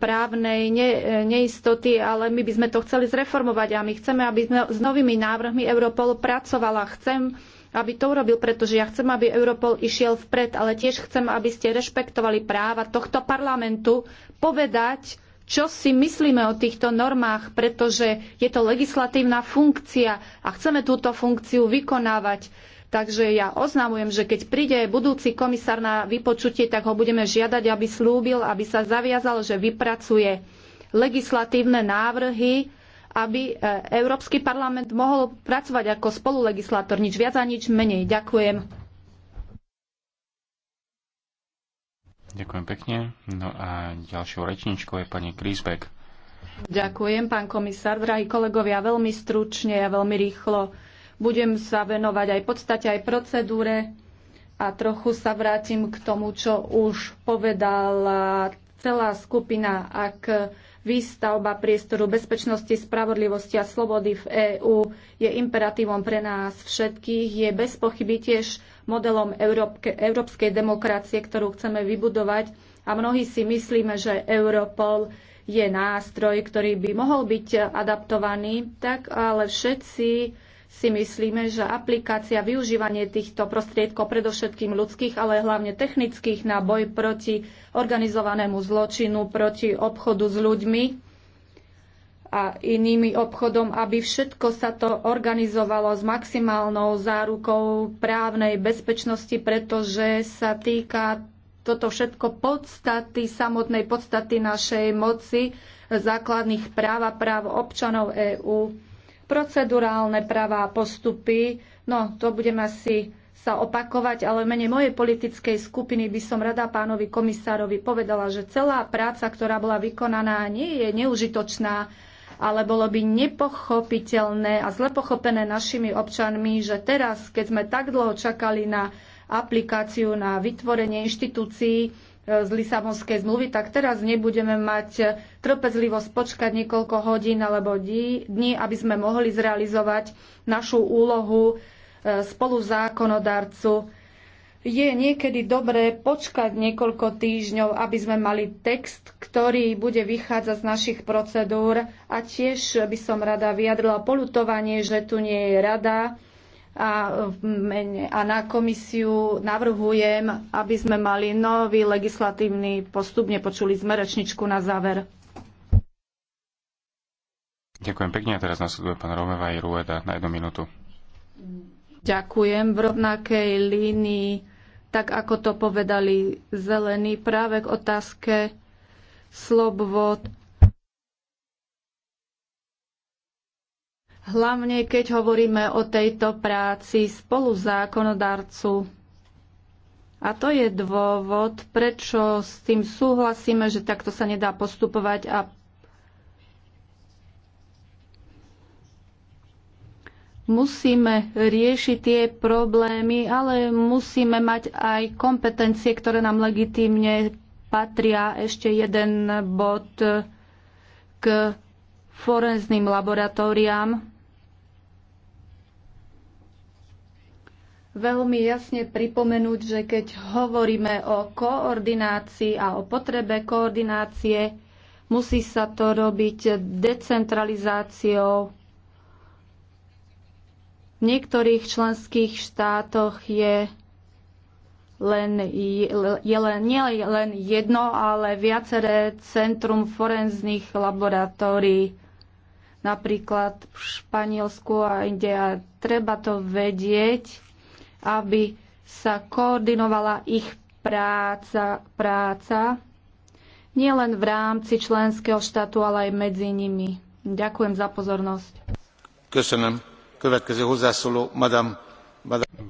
právnej ne, neistoty, ale my by sme to chceli zreformovať a my chceme, aby sme no, s novými návrhmi Europol pracovala. Chcem, aby to urobil, pretože ja chcem, aby Europol išiel vpred, ale tiež chcem, aby ste rešpektovali práva tohto parlamentu povedať, čo si myslíme o týchto normách, pretože je to legislatívna funkcia a chceme túto funkciu vykonávať. Takže ja oznamujem, že keď príde budúci komisár na vypočutie, tak ho budeme žiadať, aby slúbil, aby sa zaviazal, že vypracuje legislatívne návrhy, aby e, Európsky parlament mohol pracovať ako spolulegislátor. Nič viac a nič menej. Ďakujem. Ďakujem pekne. No a ďalšou rečničkou je pani Krisbeck. Ďakujem, pán komisár. Drahí kolegovia, veľmi stručne a veľmi rýchlo budem sa venovať aj podstate, aj procedúre a trochu sa vrátim k tomu, čo už povedala celá skupina. Ak Výstavba priestoru bezpečnosti, spravodlivosti a slobody v EÚ je imperatívom pre nás všetkých. Je bez pochyby tiež modelom európke, európskej demokracie, ktorú chceme vybudovať. A mnohí si myslíme, že Europol je nástroj, ktorý by mohol byť adaptovaný, tak ale všetci si myslíme, že aplikácia, využívanie týchto prostriedkov, predovšetkým ľudských, ale hlavne technických na boj proti organizovanému zločinu, proti obchodu s ľuďmi a inými obchodom, aby všetko sa to organizovalo s maximálnou zárukou právnej bezpečnosti, pretože sa týka toto všetko podstaty, samotnej podstaty našej moci, základných práv a práv občanov EÚ procedurálne práva a postupy, no to budem asi sa opakovať, ale mene mojej politickej skupiny by som rada pánovi komisárovi povedala, že celá práca, ktorá bola vykonaná, nie je neužitočná, ale bolo by nepochopiteľné a zle pochopené našimi občanmi, že teraz, keď sme tak dlho čakali na aplikáciu na vytvorenie inštitúcií, E, z Lisabonskej zmluvy, tak teraz nebudeme mať e, trpezlivosť počkať niekoľko hodín alebo dní, aby sme mohli zrealizovať našu úlohu e, spoluzákonodarcu. Je niekedy dobré počkať niekoľko týždňov, aby sme mali text, ktorý bude vychádzať z našich procedúr a tiež by som rada vyjadrila polutovanie, že tu nie je rada, a, mene, a na komisiu navrhujem, aby sme mali nový legislatívny postup. Nepočuli sme rečničku na záver. Ďakujem pekne a teraz nasleduje pán Romeva i Rueda na jednu minútu. Ďakujem. V rovnakej línii, tak ako to povedali zelení, práve k otázke slobod hlavne keď hovoríme o tejto práci spolu zákonodarcu. A to je dôvod, prečo s tým súhlasíme, že takto sa nedá postupovať a musíme riešiť tie problémy, ale musíme mať aj kompetencie, ktoré nám legitímne patria. Ešte jeden bod k forenzným laboratóriám. veľmi jasne pripomenúť, že keď hovoríme o koordinácii a o potrebe koordinácie, musí sa to robiť decentralizáciou. V niektorých členských štátoch je len, je len, nie len jedno, ale viaceré centrum forenzných laboratórií, napríklad v Španielsku a inde. A treba to vedieť, aby sa koordinovala ich práca, práca nielen v rámci členského štátu, ale aj medzi nimi. Ďakujem za pozornosť.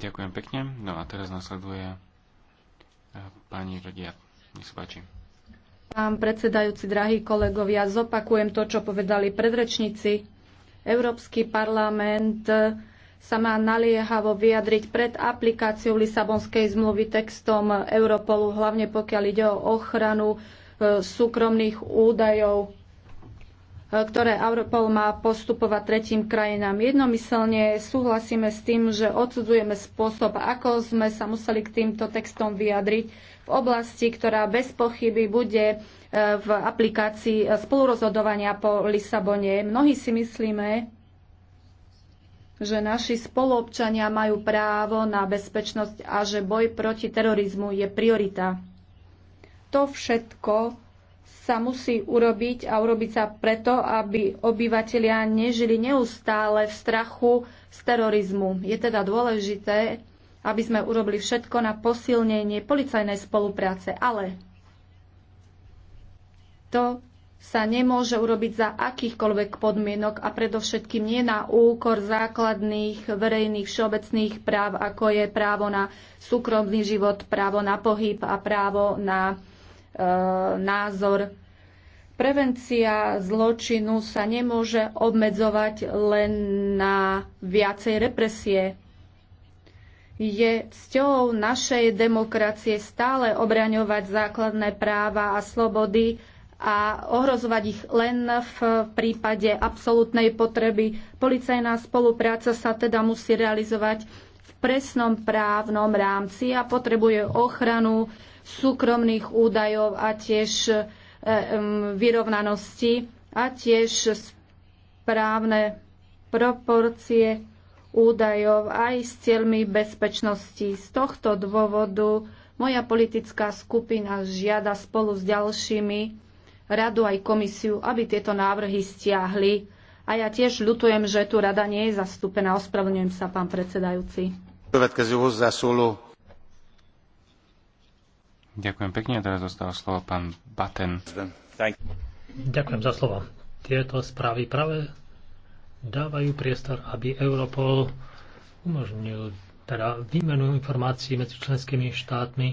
Ďakujem pekne. No a teraz nasleduje eh, pani Rodia. Nech sa páči. Pán predsedajúci, drahí kolegovia, zopakujem to, čo povedali predrečníci. Európsky parlament sa má naliehavo vyjadriť pred aplikáciou Lisabonskej zmluvy textom Europolu, hlavne pokiaľ ide o ochranu e, súkromných údajov, e, ktoré Europol má postupovať tretím krajinám. Jednomyselne súhlasíme s tým, že odsudzujeme spôsob, ako sme sa museli k týmto textom vyjadriť v oblasti, ktorá bez pochyby bude e, v aplikácii spolurozhodovania po Lisabone. Mnohí si myslíme, že naši spoluobčania majú právo na bezpečnosť a že boj proti terorizmu je priorita. To všetko sa musí urobiť a urobiť sa preto, aby obyvatelia nežili neustále v strachu z terorizmu. Je teda dôležité, aby sme urobili všetko na posilnenie policajnej spolupráce, ale to sa nemôže urobiť za akýchkoľvek podmienok a predovšetkým nie na úkor základných verejných všeobecných práv, ako je právo na súkromný život, právo na pohyb a právo na e, názor. Prevencia zločinu sa nemôže obmedzovať len na viacej represie. Je cťou našej demokracie stále obraňovať základné práva a slobody, a ohrozovať ich len v prípade absolútnej potreby. Policajná spolupráca sa teda musí realizovať v presnom právnom rámci a potrebuje ochranu súkromných údajov a tiež e, vyrovnanosti a tiež správne proporcie údajov aj s cieľmi bezpečnosti. Z tohto dôvodu moja politická skupina žiada spolu s ďalšími radu aj komisiu, aby tieto návrhy stiahli. A ja tiež ľutujem, že tu rada nie je zastúpená. Ospravedlňujem sa, pán predsedajúci. Ďakujem pekne. A teraz dostáva slovo pán Baten. Ďakujem za slovo. Tieto správy práve dávajú priestor, aby Europol umožnil teda výmenu informácií medzi členskými štátmi.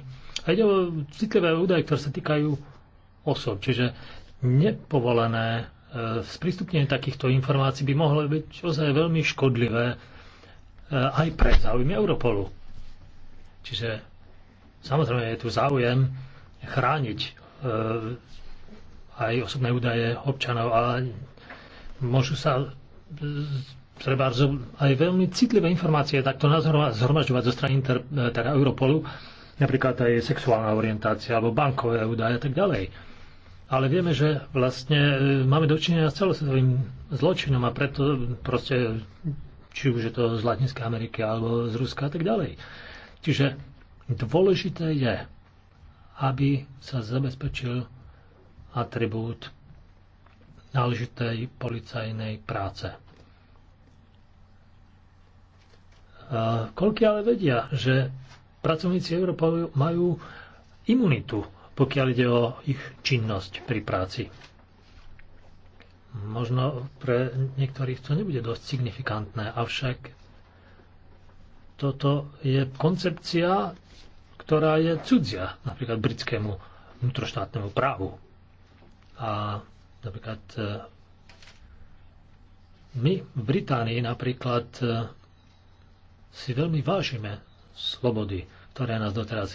A ide o citlivé údaje, ktoré sa týkajú osob. Čiže nepovolené e, sprístupnenie takýchto informácií by mohlo byť ozaj veľmi škodlivé e, aj pre záujmy Europolu. Čiže samozrejme je tu záujem chrániť e, aj osobné údaje občanov, ale môžu sa treba aj veľmi citlivé informácie takto zhromažďovať zo strany inter, teda Europolu, napríklad aj sexuálna orientácia alebo bankové údaje a tak ďalej. Ale vieme, že vlastne e, máme dočinenia s celosvetovým zločinom a preto proste, či už je to z Latinskej Ameriky alebo z Ruska a tak ďalej. Čiže dôležité je, aby sa zabezpečil atribút náležitej policajnej práce. Koľky ale vedia, že pracovníci Európy majú imunitu pokiaľ ide o ich činnosť pri práci. Možno pre niektorých to nebude dosť signifikantné, avšak toto je koncepcia, ktorá je cudzia napríklad britskému vnútroštátnemu právu. A napríklad e, my v Británii napríklad e, si veľmi vážime slobody, ktoré nás doteraz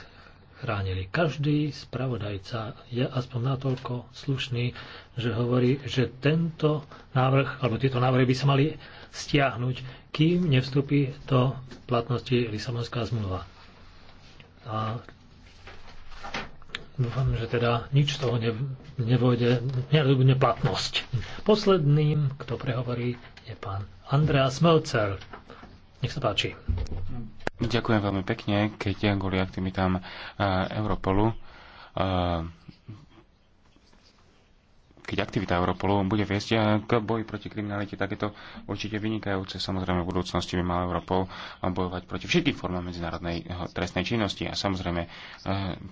chránili. Každý spravodajca je aspoň natoľko slušný, že hovorí, že tento návrh, alebo tieto návrhy by sa mali stiahnuť, kým nevstúpi do platnosti Lisabonská zmluva. A dúfam, že teda nič z toho nevojde, nedobudne platnosť. Posledným, kto prehovorí, je pán Andreas Melcer. Nech sa páči. Ďakujem veľmi pekne, keď kvôli aktivitám e, Europolu e, keď aktivita Europolu bude viesť e, k boji proti kriminalite, tak je to určite vynikajúce. Samozrejme, v budúcnosti by mal Europol bojovať proti všetkým formám medzinárodnej trestnej činnosti. A samozrejme,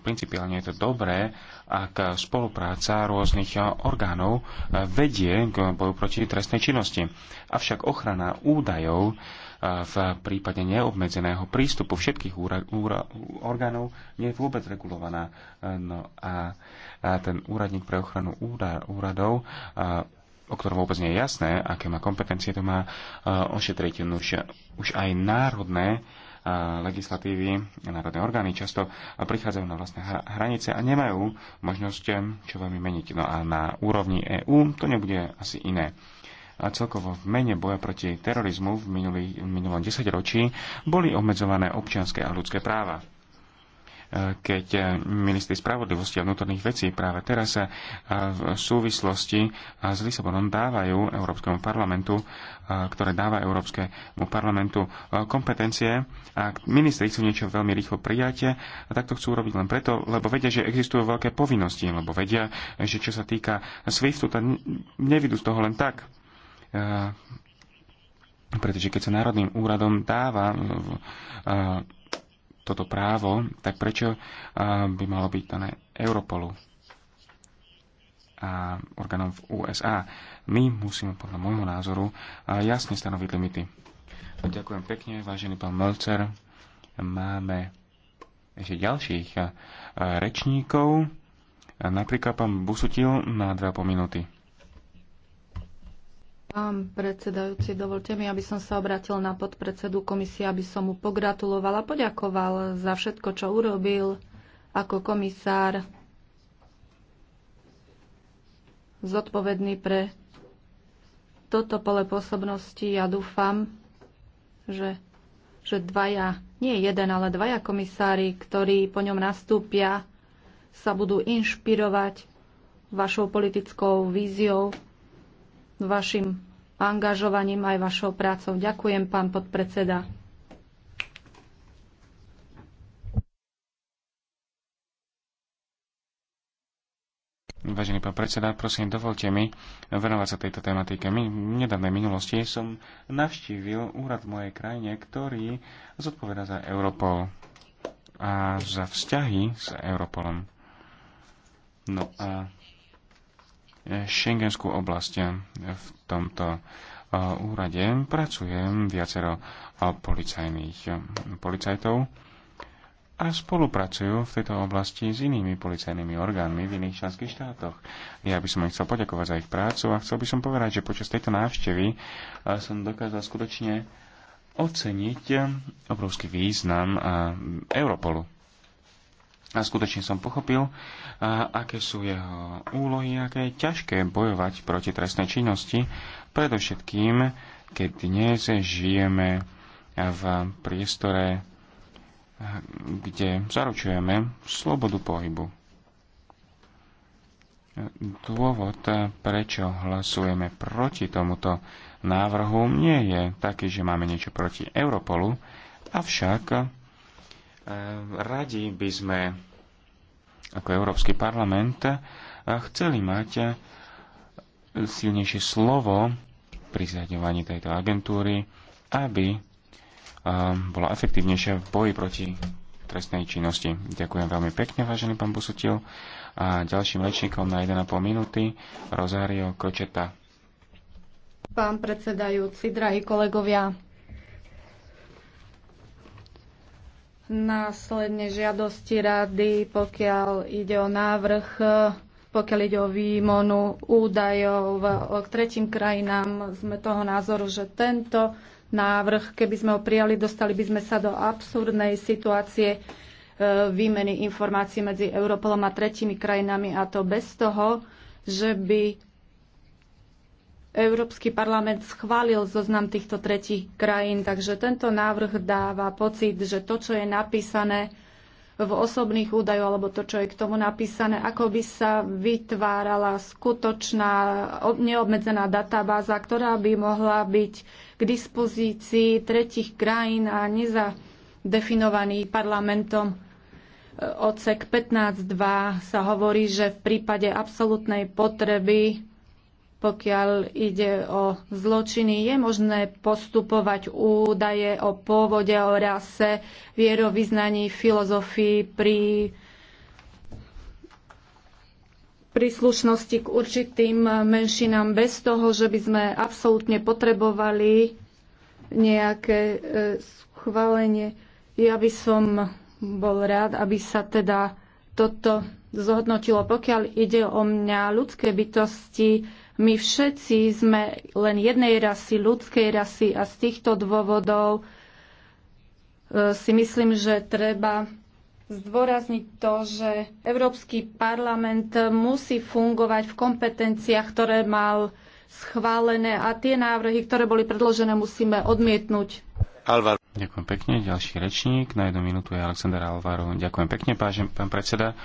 principiálne je to dobré, ak spolupráca rôznych orgánov vedie k boju proti trestnej činnosti. Avšak ochrana údajov v prípade neobmedzeného prístupu všetkých úra, úra, orgánov nie je vôbec regulovaná. E, no a, a ten úradník pre ochranu úra, úradov a, e, o ktorom vôbec nie je jasné, aké má kompetencie, to má uh, ošetriť. Už, už aj národné uh, legislatívy, národné orgány často prichádzajú na vlastné hranice a nemajú možnosť čo veľmi meniť. No a na úrovni EÚ to nebude asi iné a celkovo v mene boja proti terorizmu v, minulý, v minulom desaťročí boli obmedzované občianské a ľudské práva e, keď e, ministri spravodlivosti a vnútorných vecí práve teraz sa e, v súvislosti s Lisabonom dávajú Európskemu parlamentu, ktoré dáva Európskemu parlamentu kompetencie a ministri chcú niečo veľmi rýchlo prijať a tak to chcú urobiť len preto, lebo vedia, že existujú veľké povinnosti, lebo vedia, že čo sa týka SWIFTu, tak nevidú z toho len tak Eh, pretože keď sa Národným úradom dáva eh, toto právo, tak prečo eh, by malo byť dané Europolu a orgánom v USA? My musíme podľa môjho názoru jasne stanoviť limity. Ďakujem pekne, vážený pán Melcer. Máme ešte ďalších rečníkov, napríklad pán Busutil na 2,5 minúty. Pán predsedajúci, dovolte mi, aby som sa obratil na podpredsedu komisie, aby som mu pogratuloval a poďakoval za všetko, čo urobil ako komisár zodpovedný pre toto pole pôsobnosti. Ja dúfam, že, že dvaja, nie jeden, ale dvaja komisári, ktorí po ňom nastúpia, sa budú inšpirovať vašou politickou víziou vašim angažovaním aj vašou prácou. Ďakujem, pán podpredseda. Vážený pán predseda, prosím, dovolte mi venovať sa tejto tematike. My v nedávnej minulosti som navštívil úrad v mojej krajine, ktorý zodpoveda za Europol a za vzťahy s Europolom. No a šengenskú oblasť. V tomto eh, úrade pracujem viacero eh, policajných eh, policajtov a spolupracujú v tejto oblasti s inými policajnými orgánmi v iných členských štátoch. Ja by som im chcel poďakovať za ich prácu a chcel by som povedať, že počas tejto návštevy som dokázal skutočne oceniť obrovský význam Europolu. A skutočne som pochopil, a aké sú jeho úlohy, aké je ťažké bojovať proti trestnej činnosti, predovšetkým, keď dnes žijeme v priestore, kde zaručujeme slobodu pohybu. Dôvod, prečo hlasujeme proti tomuto návrhu, nie je taký, že máme niečo proti Europolu, avšak Ehm, radi by sme ako Európsky parlament eh, chceli mať eh, silnejšie slovo pri zriadovaní tejto agentúry, aby ehm, bola efektívnejšia v boji proti trestnej činnosti. Ďakujem veľmi pekne, vážený pán Busutil. A ďalším rečníkom na 1,5 minúty Rozario Kočeta. Pán predsedajúci, drahí kolegovia, Následne žiadosti rady, pokiaľ ide o návrh, pokiaľ ide o výmonu údajov k tretím krajinám, sme toho názoru, že tento návrh, keby sme ho prijali, dostali by sme sa do absurdnej situácie e, výmeny informácií medzi Európolom a tretími krajinami a to bez toho, že by Európsky parlament schválil zoznam týchto tretich krajín, takže tento návrh dáva pocit, že to, čo je napísané v osobných údajoch alebo to, čo je k tomu napísané, ako by sa vytvárala skutočná neobmedzená databáza, ktorá by mohla byť k dispozícii tretich krajín a nezadefinovaný parlamentom odsek 15.2 sa hovorí, že v prípade absolútnej potreby pokiaľ ide o zločiny, je možné postupovať údaje o pôvode, o rase, vierovýznaní, filozofii pri príslušnosti k určitým menšinám bez toho, že by sme absolútne potrebovali nejaké e, schválenie. Ja by som bol rád, aby sa teda toto zhodnotilo. Pokiaľ ide o mňa, ľudské bytosti my všetci sme len jednej rasy, ľudskej rasy a z týchto dôvodov e, si myslím, že treba zdôrazniť to, že Európsky parlament musí fungovať v kompetenciách, ktoré mal schválené a tie návrhy, ktoré boli predložené, musíme odmietnúť. Alvar. Ďakujem pekne. Ďalší rečník na jednu minútu je Aleksandr Alvaro. Ďakujem pekne, pán predseda.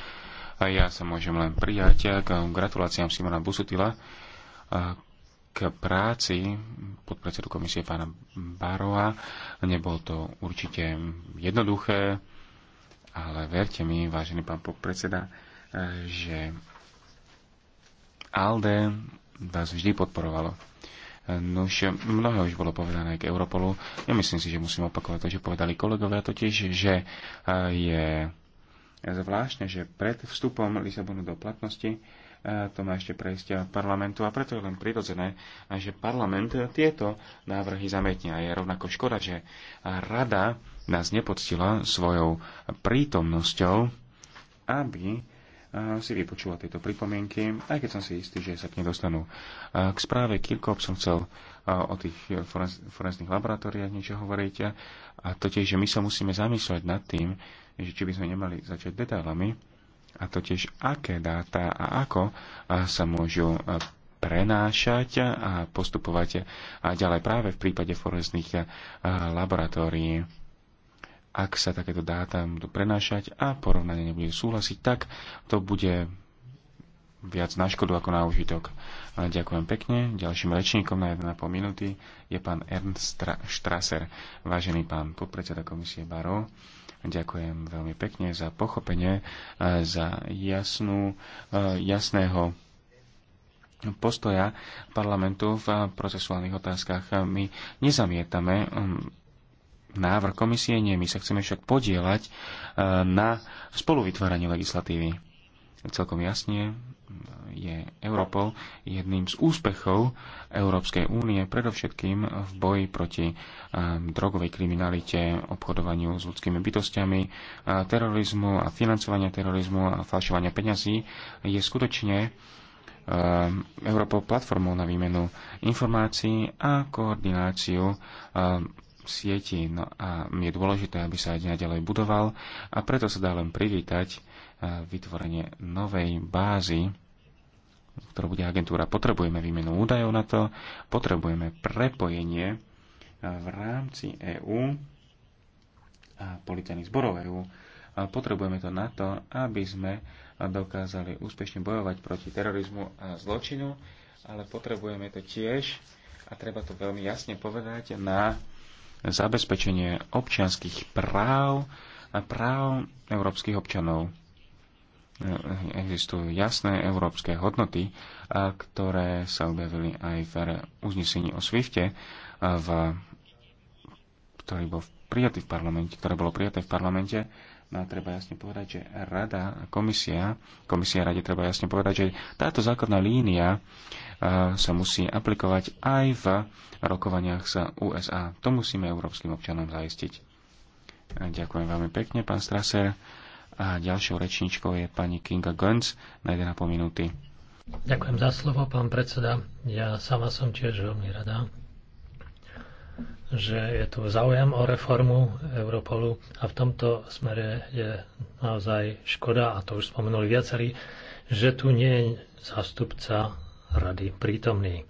A ja sa môžem len prijať k gratuláciám Simona Busutila k práci podpredsedu komisie pána Baroa. Nebolo to určite jednoduché, ale verte mi, vážený pán podpredseda, eh, že ALDE vás vždy podporovalo. Eh, no už mnohé už bolo povedané k Europolu. Nemyslím si, že musím opakovať to, že povedali kolegovia totiž, že eh, je zvláštne, že pred vstupom Lisabonu do platnosti to má ešte prejsť parlamentu a preto je len prirodzené, že parlament tieto návrhy zametne. a je rovnako škoda, že rada nás nepoctila svojou prítomnosťou, aby e, si vypočula tieto pripomienky, aj keď som si istý, že sa k nedostanú. E, k správe Kirkov som chcel e, o tých forenzných laboratóriách niečo hovoriť, a totiž, že my sa musíme zamyslieť nad tým, že či by sme nemali začať detailami, a totiž aké dáta a ako sa môžu prenášať a postupovať a ďalej práve v prípade forenzných laboratórií. Ak sa takéto dáta budú prenášať a porovnanie nebude súhlasiť, tak to bude viac na škodu ako na užitok. Ďakujem pekne. Ďalším rečníkom na 1,5 minúty je pán Ernst Strasser, vážený pán podpredseda komisie Barov Ďakujem veľmi pekne za pochopenie, e, za jasnú, e, jasného postoja parlamentu v procesuálnych otázkach. My nezamietame návrh komisie, nie, my sa chceme však podielať e, na spoluvytváraní legislatívy. Celkom jasne je Európou jedným z úspechov Európskej únie, predovšetkým v boji proti eh, drogovej kriminalite, obchodovaniu s ľudskými bytostiami, eh, terorizmu a financovania terorizmu a falšovania peňazí, je skutočne eh, Európou platformou na výmenu informácií a koordináciu sieti. No a je dôležité, aby sa aj naďalej budoval a preto sa dá len privítať vytvorenie novej bázy ktorú bude agentúra. Potrebujeme výmenu údajov na to, potrebujeme prepojenie e, v rámci EÚ a policajných zborov EÚ. Potrebujeme to na to, aby sme dokázali úspešne bojovať proti terorizmu a zločinu, ale potrebujeme to tiež, a treba to veľmi jasne povedať, na zabezpečenie občianských práv a práv európskych občanov existujú jasné európske hodnoty, ktoré sa objavili aj v uznesení o Swifte, v, ktorý bol prijatý v parlamente, ktoré bolo prijaté v parlamente. No a treba jasne povedať, že rada a komisia, komisia rade treba jasne povedať, že táto základná línia sa musí aplikovať aj v rokovaniach sa USA. To musíme európskym občanom zaistiť. Ďakujem veľmi pekne, pán Strasser. A ďalšou rečničkou je pani Kinga Gönz na 1,5 minúty. Ďakujem za slovo, pán predseda. Ja sama som tiež veľmi rada, že je tu záujem o reformu Europolu a v tomto smere je naozaj škoda, a to už spomenuli viacerí, že tu nie je zástupca rady prítomný.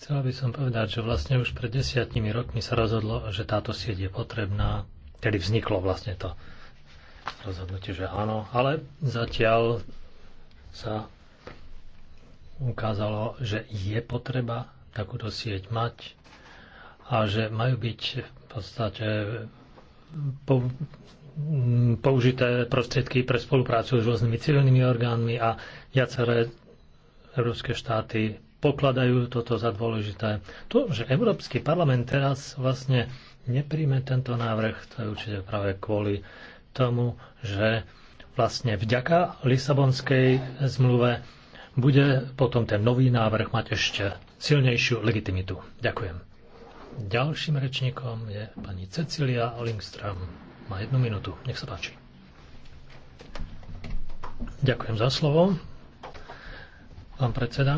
Chcela by som povedať, že vlastne už pred desiatimi rokmi sa rozhodlo, že táto sieť je potrebná, vtedy vzniklo vlastne to rozhodnutie, že áno, ale zatiaľ sa ukázalo, že je potreba takúto sieť mať a že majú byť v podstate použité prostriedky pre spoluprácu s rôznymi civilnými orgánmi a viaceré európske štáty pokladajú toto za dôležité. To, že Európsky parlament teraz vlastne nepríjme tento návrh, to je určite práve kvôli tomu, že vlastne vďaka Lisabonskej zmluve bude potom ten nový návrh mať ešte silnejšiu legitimitu. Ďakujem. Ďalším rečníkom je pani Cecilia Lindström. Má jednu minútu. Nech sa páči. Ďakujem za slovo. Pán predseda.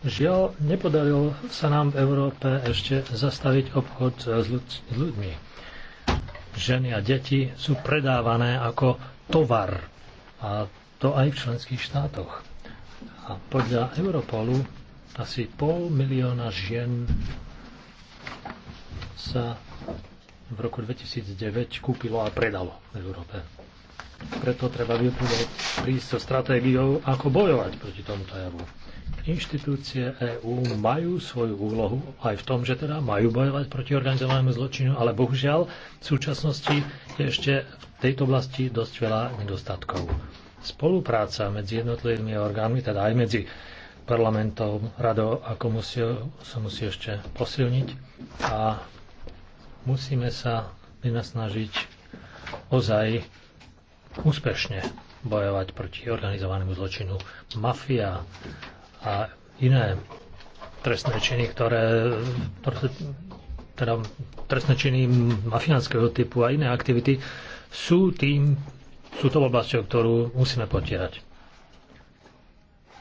Žiaľ, nepodarilo sa nám v Európe ešte zastaviť obchod s, ľud- s ľuďmi. Ženy a deti sú predávané ako tovar. A to aj v členských štátoch. A podľa Europolu asi pol milióna žien sa v roku 2009 kúpilo a predalo v Európe. Preto treba vypovedať prísť so stratégiou, ako bojovať proti tomuto javu. Inštitúcie EÚ majú svoju úlohu aj v tom, že teda majú bojovať proti organizovanému zločinu, ale bohužiaľ v súčasnosti je ešte v tejto oblasti dosť veľa nedostatkov. Spolupráca medzi jednotlivými orgánmi, teda aj medzi parlamentom, radou a komisiou sa musí ešte posilniť a musíme sa vynasnažiť ozaj úspešne bojovať proti organizovanému zločinu. Mafia, a iné trestné činy, ktoré, teda trestné činy mafiánskeho typu a iné aktivity sú tým, sú to oblasťou, ktorú musíme potierať.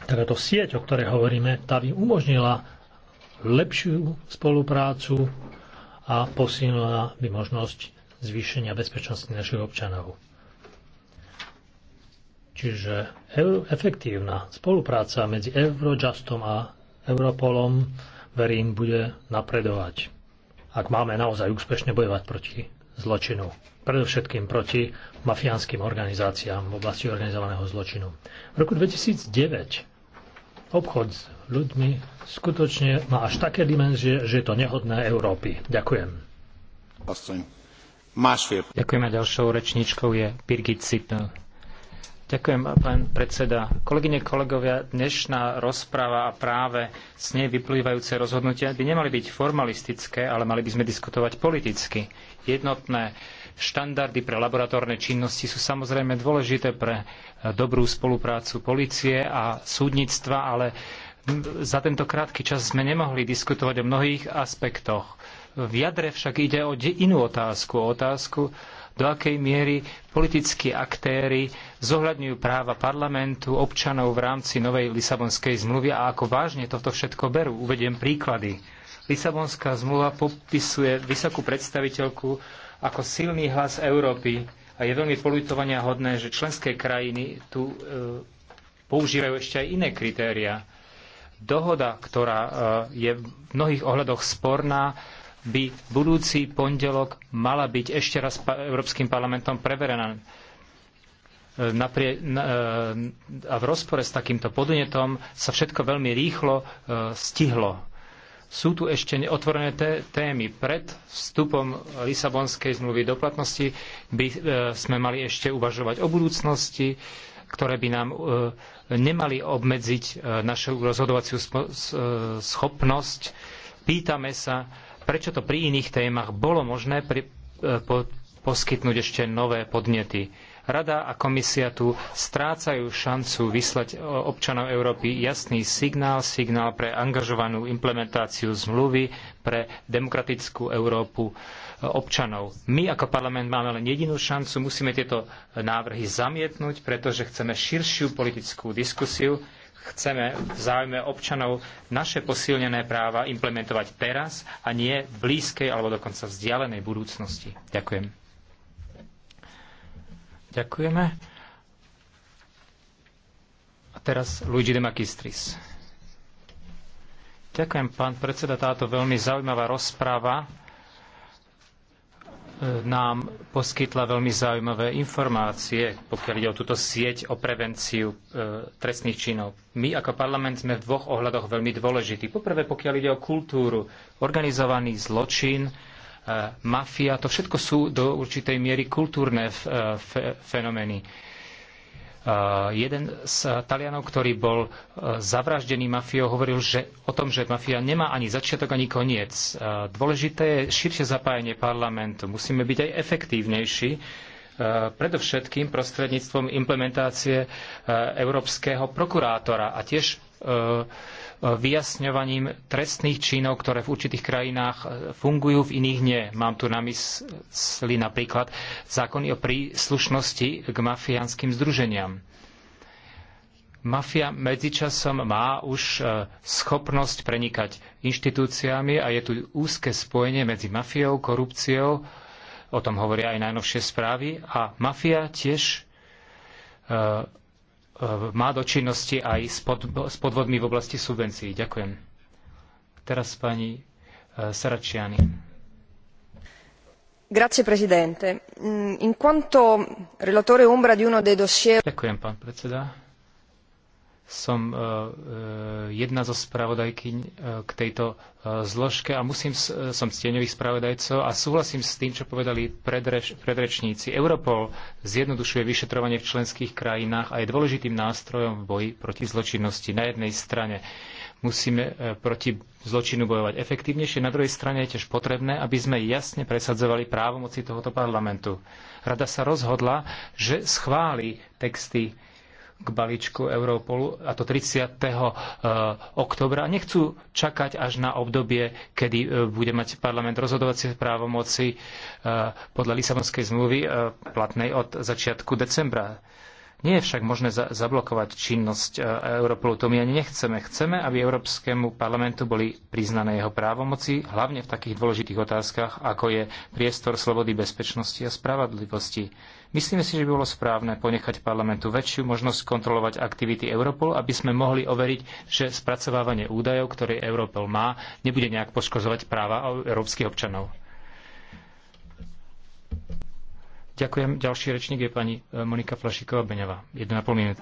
Takáto sieť, o ktorej hovoríme, tá by umožnila lepšiu spoluprácu a posilnila by možnosť zvýšenia bezpečnosti našich občanov. Čiže efektívna spolupráca medzi Eurojustom a Europolom, verím, bude napredovať, ak máme naozaj úspešne bojovať proti zločinu. Predovšetkým proti mafiánskym organizáciám v oblasti organizovaného zločinu. V roku 2009 obchod s ľuďmi skutočne má až také dimenzie, že je to nehodné Európy. Ďakujem. Ďakujeme. Ďalšou rečníčkou je Birgit Sippel. Ďakujem, pán predseda. Kolegyne, kolegovia, dnešná rozpráva a práve s nej vyplývajúce rozhodnutia by nemali byť formalistické, ale mali by sme diskutovať politicky. Jednotné štandardy pre laboratórne činnosti sú samozrejme dôležité pre eh, dobrú spoluprácu polície a súdnictva, ale hm, za tento krátky čas sme nemohli diskutovať o mnohých aspektoch. V jadre však ide o inú otázku, o otázku, do akej miery politickí aktéry zohľadňujú práva parlamentu, občanov v rámci novej Lisabonskej zmluvy a ako vážne toto všetko berú. Uvediem príklady. Lisabonská zmluva popisuje vysokú predstaviteľku ako silný hlas Európy a je veľmi poľutovania hodné, že členské krajiny tu e, používajú ešte aj iné kritéria. Dohoda, ktorá e, je v mnohých ohľadoch sporná, by budúci pondelok mala byť ešte raz Európskym parlamentom preverená. E, naprie, na, e, a v rozpore s takýmto podnetom sa všetko veľmi rýchlo e, stihlo. Sú tu ešte neotvorené té, témy. Pred vstupom Lisabonskej zmluvy do platnosti by sme mali ešte uvažovať o budúcnosti, ktoré by nám nemali obmedziť našu rozhodovaciu schopnosť. Pýtame sa, prečo to pri iných témach bolo možné pri, e, po, poskytnúť ešte nové podnety. Rada a komisia tu strácajú šancu vyslať e, občanov Európy jasný signál, signál pre angažovanú implementáciu zmluvy pre demokratickú Európu e, občanov. My ako parlament máme len jedinú šancu, musíme tieto návrhy zamietnúť, pretože chceme širšiu politickú diskusiu, chceme v záujme občanov naše posilnené práva implementovať teraz a nie v blízkej alebo dokonca vzdialenej budúcnosti. Ďakujem. Ďakujeme. A teraz Luigi de Magistris. Ďakujem, pán predseda, táto veľmi zaujímavá rozpráva E, nám poskytla veľmi zaujímavé informácie, pokiaľ ide o túto sieť o prevenciu e, trestných činov. My ako parlament sme v dvoch ohľadoch veľmi dôležití. Poprvé, pokiaľ ide o kultúru, organizovaný zločin, e, mafia, to všetko sú do určitej miery kultúrne f, e, fenomény jeden z Talianov, ktorý bol e, zavraždený mafiou, hovoril že, o tom, že mafia nemá ani začiatok, ani koniec. Dôležité je širšie zapájanie parlamentu. Musíme byť aj efektívnejší, e, predovšetkým prostredníctvom implementácie e, európskeho prokurátora a tiež E, e, vyjasňovaním trestných činov, ktoré v určitých krajinách e, fungujú, v iných nie. Mám tu na mysli napríklad zákony o príslušnosti k mafiánskym združeniam. Mafia medzičasom má už schopnosť prenikať inštitúciami a je tu úzke spojenie medzi mafiou, korupciou, o tom hovoria aj najnovšie správy, a mafia tiež E, má do činnosti aj s podvodmi v oblasti subvencií. Ďakujem. Teraz pani e, Saracciani. Grazie Presidente. Mm, in quanto relatore ombra di uno dei dossier... Ďakujem, pán predseda som e, e, jedna zo spravodajky e, k tejto zložke a musím, som stieňových spravodajcov a súhlasím s tým, čo povedali predreč, predrečníci. Europol zjednodušuje vyšetrovanie v členských krajinách a je dôležitým nástrojom v boji proti zločinnosti. Na jednej strane musíme proti zločinu bojovať efektívnejšie, na druhej strane je tiež potrebné, aby sme jasne presadzovali právomoci tohoto parlamentu. Rada sa rozhodla, že schváli texty k balíčku Europolu, a to 30. E, oktobra. Nechcú čakať až na obdobie, kedy e, bude mať parlament rozhodovacie právomoci e, podľa Lisabonskej zmluvy platnej od začiatku decembra. Nie je však možné za- zablokovať činnosť Europolu, to my ani nechceme. Chceme, aby Európskemu parlamentu boli priznané jeho právomoci, hlavne v takých dôležitých otázkach, ako je priestor slobody, bezpečnosti a spravodlivosti Myslíme si, že by bolo správne ponechať parlamentu väčšiu možnosť kontrolovať aktivity Europol, aby sme mohli overiť, že spracovávanie údajov, ktoré Europol má, nebude nejak poškozovať práva európskych občanov. Ďakujem. Ďalší rečník je pani eh, Monika Flašiková-Beňová. 1,5 minúty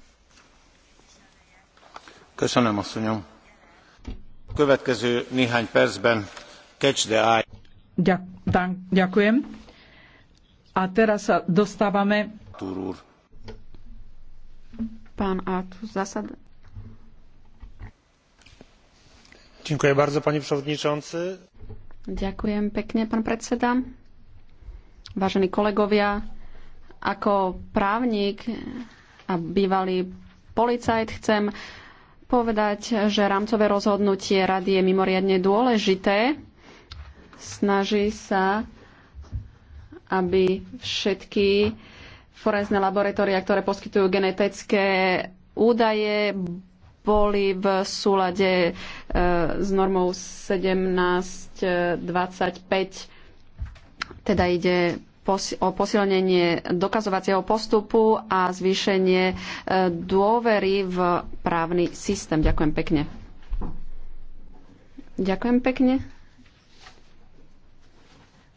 Köszönöm, asszonyom. Következő néhány percben catch the eye. Ďakujem. A teraz sa dostávame... Túr úr. Pán Artur, zasad... Ďakujem bardzo, pani przewodniczący. Ďakujem pekne, pán predseda. Vážení kolegovia, ako právnik a bývalý policajt chcem povedať, že rámcové rozhodnutie rady je mimoriadne dôležité. Snaží sa, aby všetky forenzné laboratória, ktoré poskytujú genetické údaje, boli v súlade e, s normou 1725. Teda ide o posilnenie dokazovacieho postupu a zvýšenie e, dôvery v právny systém. Ďakujem pekne. Ďakujem pekne.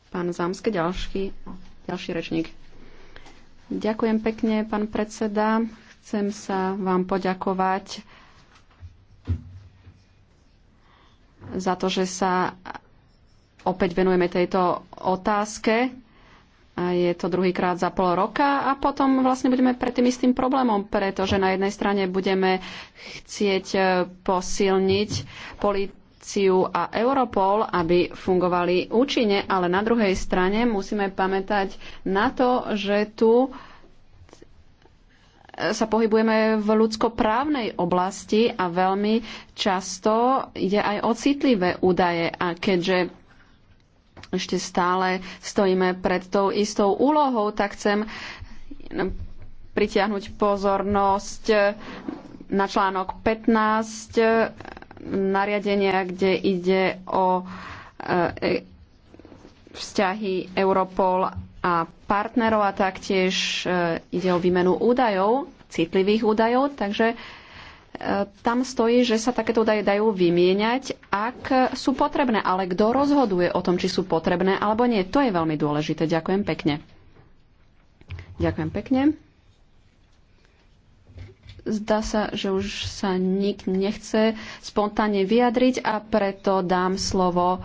Pán Zámske, ďalší, ďalší rečník. Ďakujem pekne, pán predseda. Chcem sa vám poďakovať za to, že sa opäť venujeme tejto otázke a je to druhýkrát za pol roka a potom vlastne budeme pred tým istým problémom, pretože na jednej strane budeme chcieť e, posilniť políciu a Europol, aby fungovali účinne, ale na druhej strane musíme pamätať na to, že tu e, sa pohybujeme v ľudskoprávnej oblasti a veľmi často ide aj o citlivé údaje. A keďže ešte stále stojíme pred tou istou úlohou, tak chcem pritiahnuť pozornosť na článok 15 nariadenia, kde ide o e, e, vzťahy Europol a partnerov a taktiež e, ide o výmenu údajov, citlivých údajov, takže tam stojí, že sa takéto údaje dajú vymieňať, ak sú potrebné. Ale kto rozhoduje o tom, či sú potrebné alebo nie, to je veľmi dôležité. Ďakujem pekne. Ďakujem pekne. Zdá sa, že už sa nik nechce spontánne vyjadriť a preto dám slovo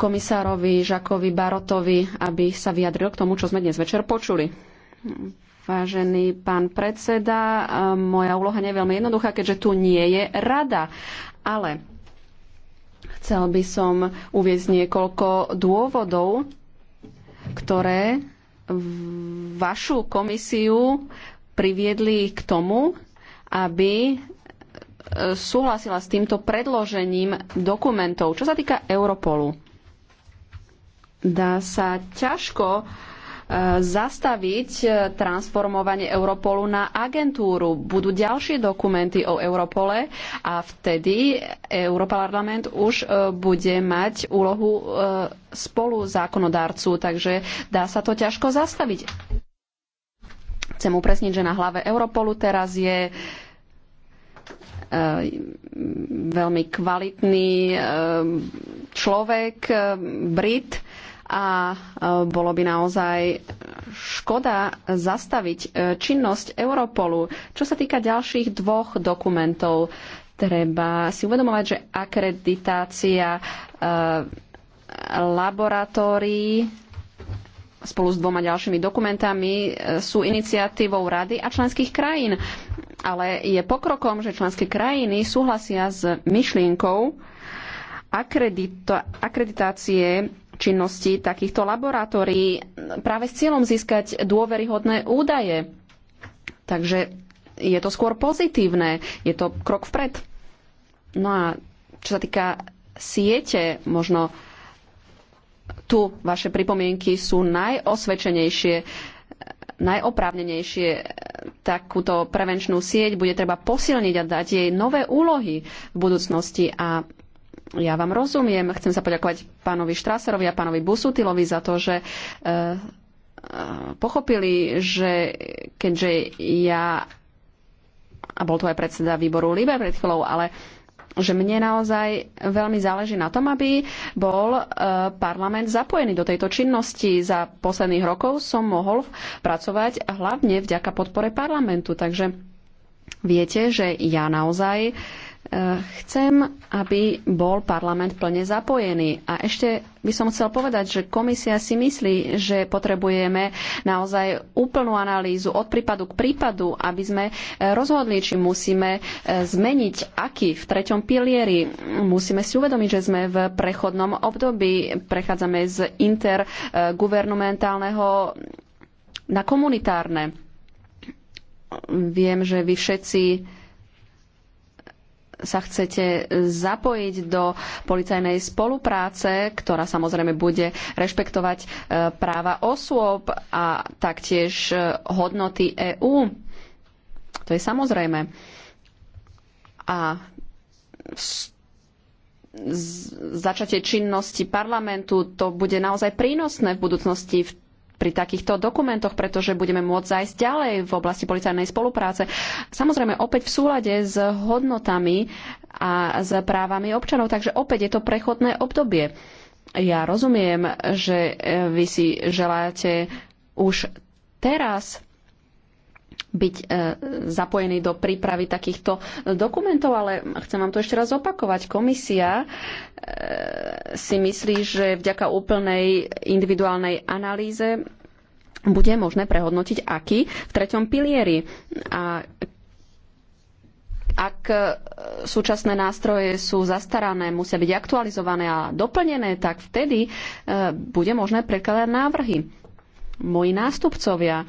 komisárovi Žakovi Barotovi, aby sa vyjadril k tomu, čo sme dnes večer počuli. Vážený pán predseda, moja úloha nie je veľmi jednoduchá, keďže tu nie je rada. Ale chcel by som uviezť niekoľko dôvodov, ktoré vašu komisiu priviedli k tomu, aby e, súhlasila s týmto predložením dokumentov. Čo sa týka Europolu, dá sa ťažko uh, zastaviť e, transformovanie Europolu na agentúru. Budú ďalšie dokumenty o Europole a vtedy Europarlament už e, bude mať úlohu e, spolu zákonodárcu, takže dá sa to ťažko zastaviť. Chcem upresniť, že na hlave Europolu teraz je veľmi kvalitný človek, Brit, a e, bolo by naozaj škoda zastaviť e, činnosť Europolu. Čo sa týka ďalších dvoch dokumentov, treba si uvedomovať, že akreditácia e, laboratórií spolu s dvoma ďalšími dokumentami sú iniciatívou Rady a členských krajín. Ale je pokrokom, že členské krajiny súhlasia s myšlienkou akredita- akreditácie činnosti takýchto laboratórií práve s cieľom získať dôveryhodné údaje. Takže je to skôr pozitívne, je to krok vpred. No a čo sa týka siete, možno tu vaše pripomienky sú najosvedčenejšie, najoprávnenejšie takúto prevenčnú sieť bude treba posilniť a dať jej nové úlohy v budúcnosti a ja vám rozumiem. Chcem sa poďakovať pánovi Štráserovi a pánovi Busutilovi za to, že eh, pochopili, že keďže ja a bol tu aj predseda výboru Libe pred chvíľou, ale že mne naozaj veľmi záleží na tom, aby bol eh, parlament zapojený do tejto činnosti. Za posledných rokov som mohol pracovať hlavne vďaka podpore parlamentu. Takže viete, že ja naozaj uh, Chcem, aby bol parlament plne zapojený. A ešte by som chcel povedať, že komisia si myslí, že potrebujeme naozaj úplnú analýzu od prípadu k prípadu, aby sme rozhodli, či musíme e, zmeniť aký v treťom pilieri. Musíme si uvedomiť, že sme v prechodnom období. Prechádzame z interguvernumentálneho na komunitárne. Viem, že vy všetci sa chcete zapojiť do policajnej spolupráce, ktorá samozrejme bude rešpektovať e, práva osôb a taktiež e, hodnoty EÚ. To je samozrejme. A začatie činnosti parlamentu to bude naozaj prínosné v budúcnosti v pri takýchto dokumentoch, pretože budeme môcť zajsť ďalej v oblasti policajnej spolupráce. Samozrejme, opäť v súlade s hodnotami a s právami občanov, takže opäť je to prechodné obdobie. Ja rozumiem, že eh, vy si želáte už teraz byť e, zapojený do prípravy takýchto e, dokumentov, ale chcem vám to ešte raz opakovať. Komisia e, si myslí, že vďaka úplnej individuálnej analýze bude možné prehodnotiť aký v treťom pilieri. A ak súčasné nástroje sú zastarané, musia byť aktualizované a doplnené, tak vtedy bude možné prekladať návrhy. Moji nástupcovia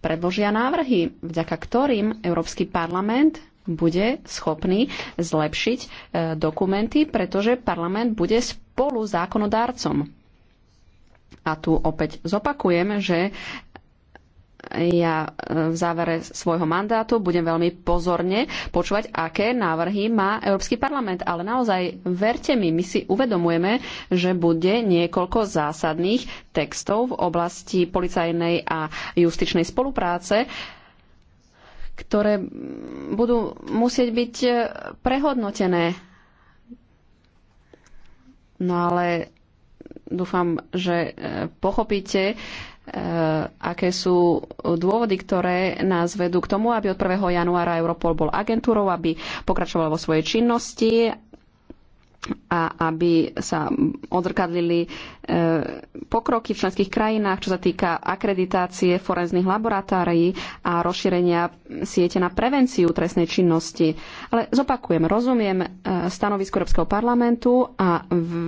predložia návrhy, vďaka ktorým Európsky parlament bude schopný zlepšiť e, dokumenty, pretože parlament bude spolu zákonodárcom. A tu opäť zopakujem, že ja e, v závere svojho mandátu budem veľmi pozorne počúvať, aké návrhy má Európsky parlament. Ale naozaj, verte mi, my si uvedomujeme, že bude niekoľko zásadných textov v oblasti policajnej a justičnej spolupráce, ktoré budú musieť byť e, prehodnotené. No ale dúfam, že e, pochopíte, Eh, aké sú dôvody, ktoré nás vedú k tomu, aby od 1. januára Europol bol agentúrou, aby pokračoval vo svojej činnosti a aby sa odzrkadlili eh, pokroky v členských krajinách, čo sa týka akreditácie forenzných laboratárií a rozšírenia siete na prevenciu trestnej činnosti. Ale zopakujem, rozumiem eh, stanovisko Európskeho parlamentu a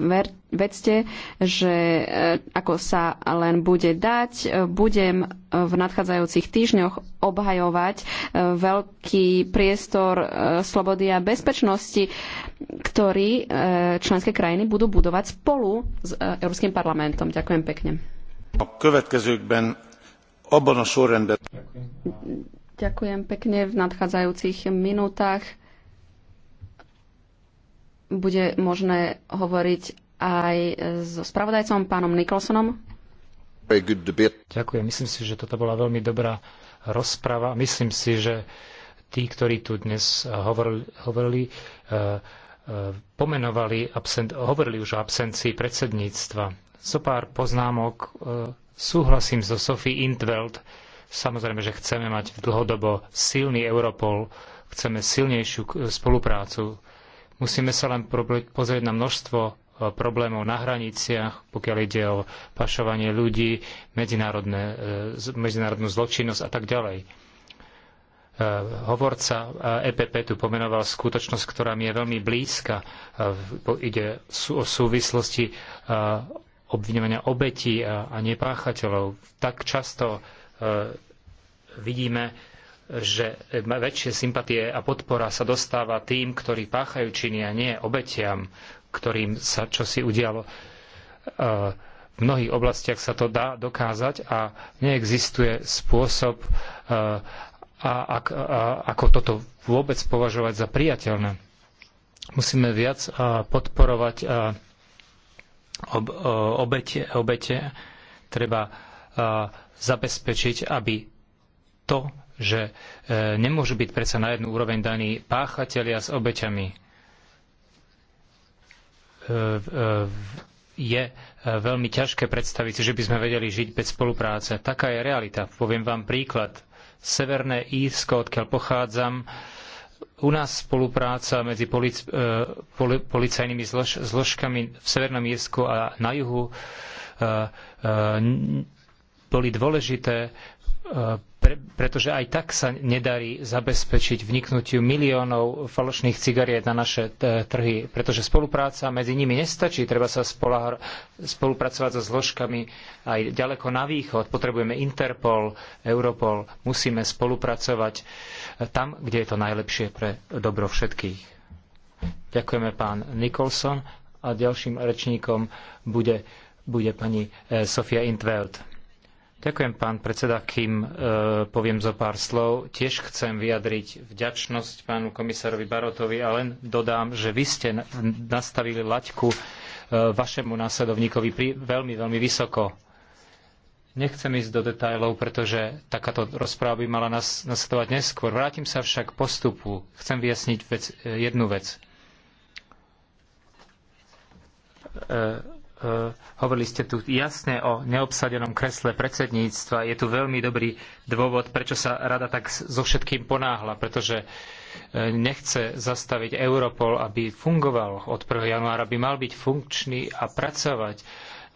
ver, vedzte, že e, ako sa len bude dať, e, budem e, v nadchádzajúcich týždňoch obhajovať veľký priestor slobody a bezpečnosti, ktorý členské krajiny budú budovať spolu s Európskym parlamentom. Ďakujem pekne. Ďakujem pekne. V nadchádzajúcich minútach bude možné hovoriť aj e, so spravodajcom pánom Nicholsonom. Ďakujem. Myslím si, že toto bola veľmi dobrá rozprava. Myslím si, že tí, ktorí tu dnes hovorili, hovorili e, e, pomenovali, absent, hovorili už o absencii predsedníctva. So pár poznámok. Súhlasím so Sophie Intveld. Samozrejme, že chceme mať dlhodobo silný Europol, chceme silnejšiu spoluprácu. Musíme sa len pozrieť na množstvo problémov na hraniciach, pokiaľ ide o pašovanie ľudí, e, medzinárodnú zločinnosť a tak ďalej. E, hovorca EPP e tu pomenoval skutočnosť, ktorá mi je veľmi blízka. Ide o súvislosti obvinovania obetí a nepáchateľov. Tak často vidíme, že väčšie sympatie a podpora sa dostáva tým, ktorí páchajú činy a nie obetiam ktorým sa čosi udialo. E, v mnohých oblastiach sa to dá dokázať a neexistuje spôsob, e, ako toto vôbec považovať za priateľné. Musíme viac e, podporovať obete, obete. Treba zabezpečiť, aby to, že nemôžu byť predsa na jednu úroveň daní páchatelia s obeťami E, e, e, je veľmi ťažké predstaviť si, že by sme vedeli žiť bez spolupráce. Taká je realita. Poviem vám príklad. Severné Írsko, odkiaľ pochádzam, u nás spolupráca medzi polic, poli, policajnými zlož, zložkami v Severnom Írsku a na juhu boli dôležité pre, pretože aj tak sa nedarí zabezpečiť vniknutiu miliónov falošných cigariet na naše e, trhy, pretože spolupráca medzi nimi nestačí, treba sa spolupracovať so zložkami aj ďaleko na východ, potrebujeme Interpol, Europol, musíme spolupracovať tam, kde je to najlepšie pre dobro všetkých. Ďakujeme pán Nicholson a ďalším rečníkom bude, bude pani e, Sofia Intveld. Ďakujem, pán predseda, kým e, poviem zo pár slov. Tiež chcem vyjadriť vďačnosť pánu komisárovi Barotovi a len dodám, že vy ste nastavili laťku e, vašemu následovníkovi pri, veľmi, veľmi vysoko. Nechcem ísť do detajlov, pretože takáto rozpráva by mala nas, nasledovať neskôr. Vrátim sa však k postupu. Chcem vyjasniť vec, e, jednu vec. E, Eh, hovorili ste tu jasne o neobsadenom kresle predsedníctva. Je tu veľmi dobrý dôvod, prečo sa rada tak so všetkým ponáhla, pretože eh, nechce zastaviť Europol, aby fungoval od 1. januára, by mal byť funkčný a pracovať.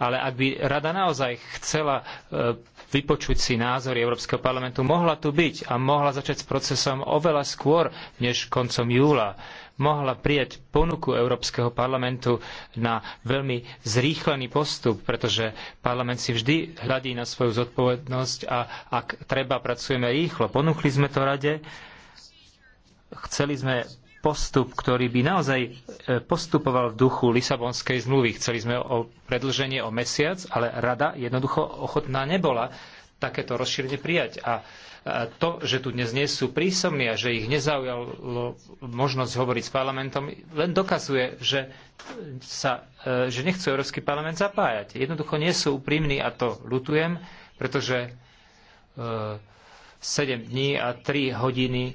Ale ak by rada naozaj chcela eh, vypočuť si názory Európskeho parlamentu, mohla tu byť a mohla začať s procesom oveľa skôr než koncom júla mohla prijať ponuku Európskeho parlamentu na veľmi zrýchlený postup, pretože parlament si vždy hľadí na svoju zodpovednosť a ak treba, pracujeme rýchlo. Ponúkli sme to rade, chceli sme postup, ktorý by naozaj e, postupoval v duchu Lisabonskej zmluvy. Chceli sme o predlženie o mesiac, ale rada jednoducho ochotná nebola takéto rozšírenie prijať. A to, že tu dnes nie sú prísomní a že ich nezaujalo možnosť hovoriť s parlamentom, len dokazuje, že, sa, e, že nechcú Európsky parlament zapájať. Jednoducho nie sú úprimní a to lutujem, pretože 7 e, dní a 3 hodiny e,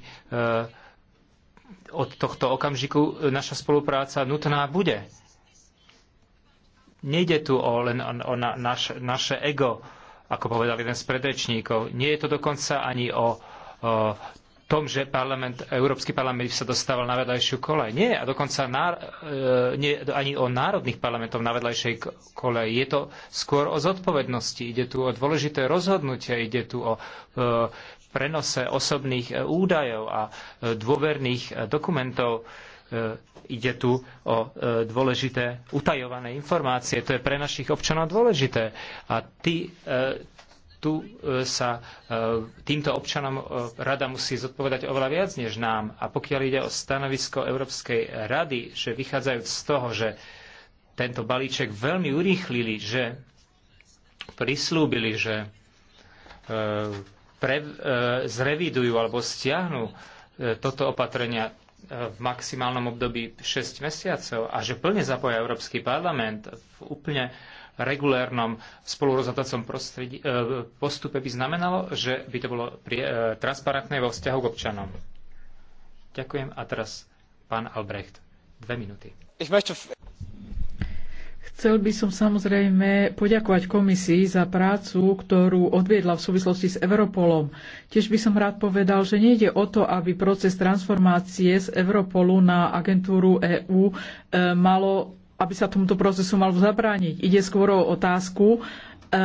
od tohto okamžiku naša spolupráca nutná bude. Nejde tu o len o, na, naš, naše ego, ako povedal jeden z predrečníkov. Nie je to dokonca ani o, o tom, že parlament, Európsky parlament sa dostával na vedľajšiu kolej. Nie, a dokonca ná, e, nie, ani o národných parlamentov na vedľajšej kolej. Je to skôr o zodpovednosti. Ide tu o dôležité rozhodnutia, ide tu o e, prenose osobných e, údajov a e, dôverných e, dokumentov. E, E, ide tu o e, dôležité utajované informácie. To je pre našich občanov dôležité. A e, tu sa týmto občanom rada musí zodpovedať oveľa viac než nám. A pokiaľ ide o stanovisko Európskej rady, že vychádzajúc z toho, že tento balíček veľmi urýchlili, že prislúbili, že pre, zrevidujú alebo stiahnu toto opatrenia, v maximálnom období 6 mesiacov a že plne zapoja Európsky parlament v úplne regulérnom spolurozhodovacom e, postupe by znamenalo, že by to bolo e, transparentné vo vzťahu k občanom. Ďakujem a teraz pán Albrecht. Dve minúty. Chcel by som samozrejme poďakovať komisii za prácu, ktorú odviedla v súvislosti s Europolom. Tiež by som rád povedal, že nejde o to, aby proces transformácie z Europolu na agentúru EÚ e, malo, aby sa tomuto procesu malo zabrániť. Ide skôr o otázku, e,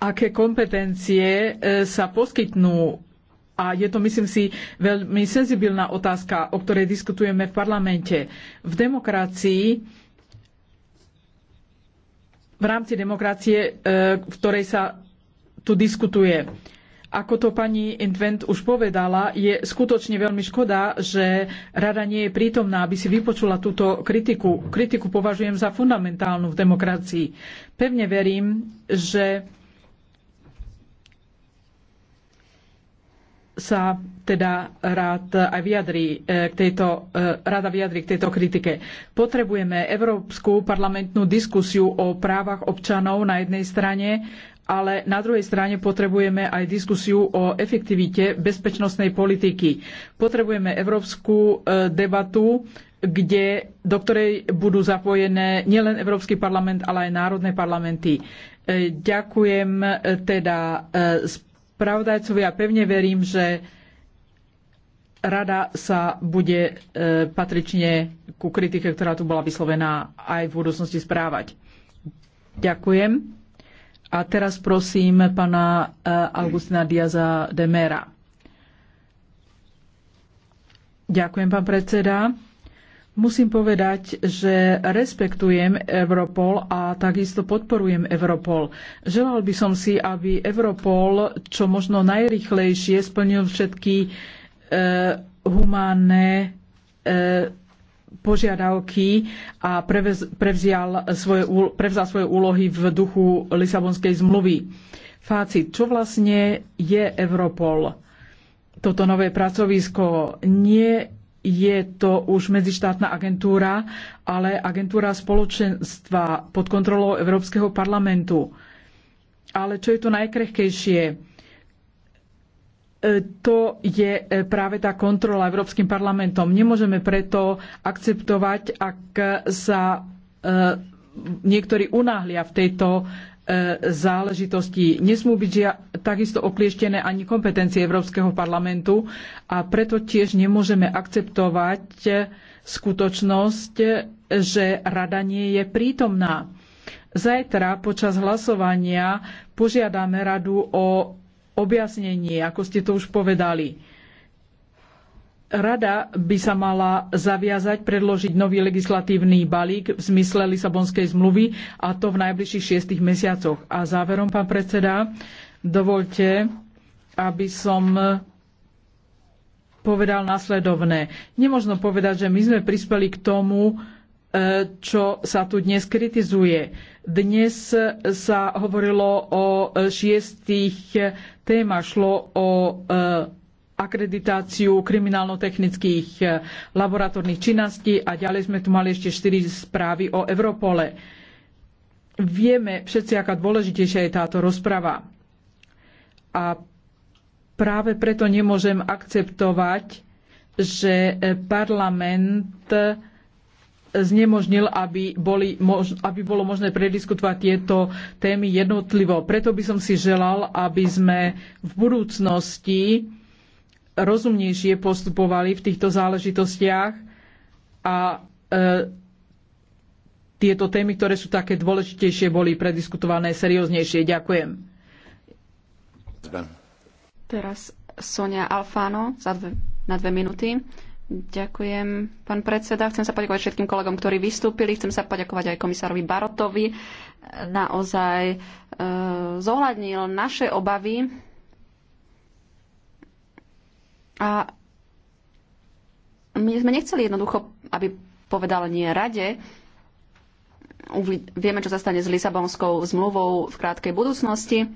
aké kompetencie e, sa poskytnú a je to, myslím si, veľmi senzibilná otázka, o ktorej diskutujeme v parlamente. V demokracii v rámci demokracie, e, v ktorej sa tu diskutuje. Ako to pani Invent už povedala, je skutočne veľmi škoda, že rada nie je prítomná, aby si vypočula túto kritiku. Kritiku považujem za fundamentálnu v demokracii. Pevne verím, že sa teda rád aj vyjadrí e, k tejto, e, rada vyjadrí k tejto kritike. Potrebujeme európsku parlamentnú diskusiu o právach občanov na jednej strane, ale na druhej strane potrebujeme aj diskusiu o efektivite bezpečnostnej politiky. Potrebujeme európsku e, debatu, kde, do ktorej budú zapojené nielen Európsky parlament, ale aj národné parlamenty. Ďakujem teda spravodajcovi ja pevne verím, že rada sa bude e, patrične ku kritike, ktorá tu bola vyslovená, aj v budúcnosti správať. Ďakujem. A teraz prosím pana e, Augustina Diaza de Mera. Ďakujem, pán predseda. Musím povedať, že respektujem Europol a takisto podporujem Europol. Želal by som si, aby Europol čo možno najrychlejšie splnil všetky e, humánne e, požiadavky a prevz, svoje, prevzal svoje úlohy v duchu Lisabonskej zmluvy. Fácit, čo vlastne je Europol? Toto nové pracovisko nie je to už medzištátna agentúra, ale agentúra spoločenstva pod kontrolou Európskeho parlamentu. Ale čo je to najkrehkejšie? E, to je e, práve tá kontrola Európskym parlamentom. Nemôžeme preto akceptovať, ak sa e, niektorí unáhlia v tejto E, záležitostí. nesmú byť takisto oklieštené ani kompetencie Európskeho parlamentu a preto tiež nemôžeme akceptovať skutočnosť, že rada nie je prítomná. Zajtra počas hlasovania požiadame radu o objasnenie, ako ste to už povedali Rada by sa mala zaviazať predložiť nový legislatívny balík v zmysle Lisabonskej zmluvy a to v najbližších šiestich mesiacoch. A záverom, pán predseda, dovolte, aby som povedal následovné. Nemožno povedať, že my sme prispeli k tomu, e, čo sa tu dnes kritizuje. Dnes sa hovorilo o e, šiestich témach, šlo o e, akreditáciu kriminálno-technických eh, laboratórnych činností a ďalej sme tu mali ešte štyri správy o Europole. Vieme všetci, aká dôležitejšia je táto rozprava. A práve preto nemôžem akceptovať, že eh, parlament eh, znemožnil, aby, boli, aby bolo možné prediskutovať tieto témy jednotlivo. Preto by som si želal, aby sme v budúcnosti rozumnejšie postupovali v týchto záležitostiach a e, tieto témy, ktoré sú také dôležitejšie, boli prediskutované serióznejšie. Ďakujem. Teraz Sonia Alfano za dve, na dve minúty. Ďakujem, pán predseda. Chcem sa poďakovať všetkým kolegom, ktorí vystúpili. Chcem sa poďakovať aj komisárovi Barotovi. Naozaj e, zohľadnil naše obavy a my sme nechceli jednoducho, aby povedal nie rade. Vieme, čo sa stane s Lisabonskou zmluvou v krátkej budúcnosti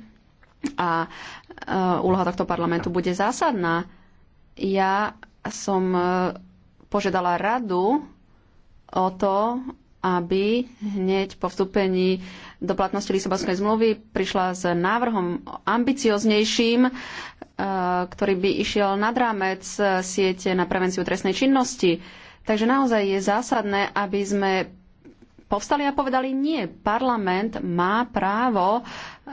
a e, úloha tohto parlamentu bude zásadná. Ja som e, požiadala radu o to, aby hneď po vstúpení do platnosti Lisabonskej zmluvy prišla s návrhom ambicioznejším, e, ktorý by išiel nad rámec siete na prevenciu trestnej činnosti. Takže naozaj je zásadné, aby sme povstali a povedali nie. Parlament má právo e,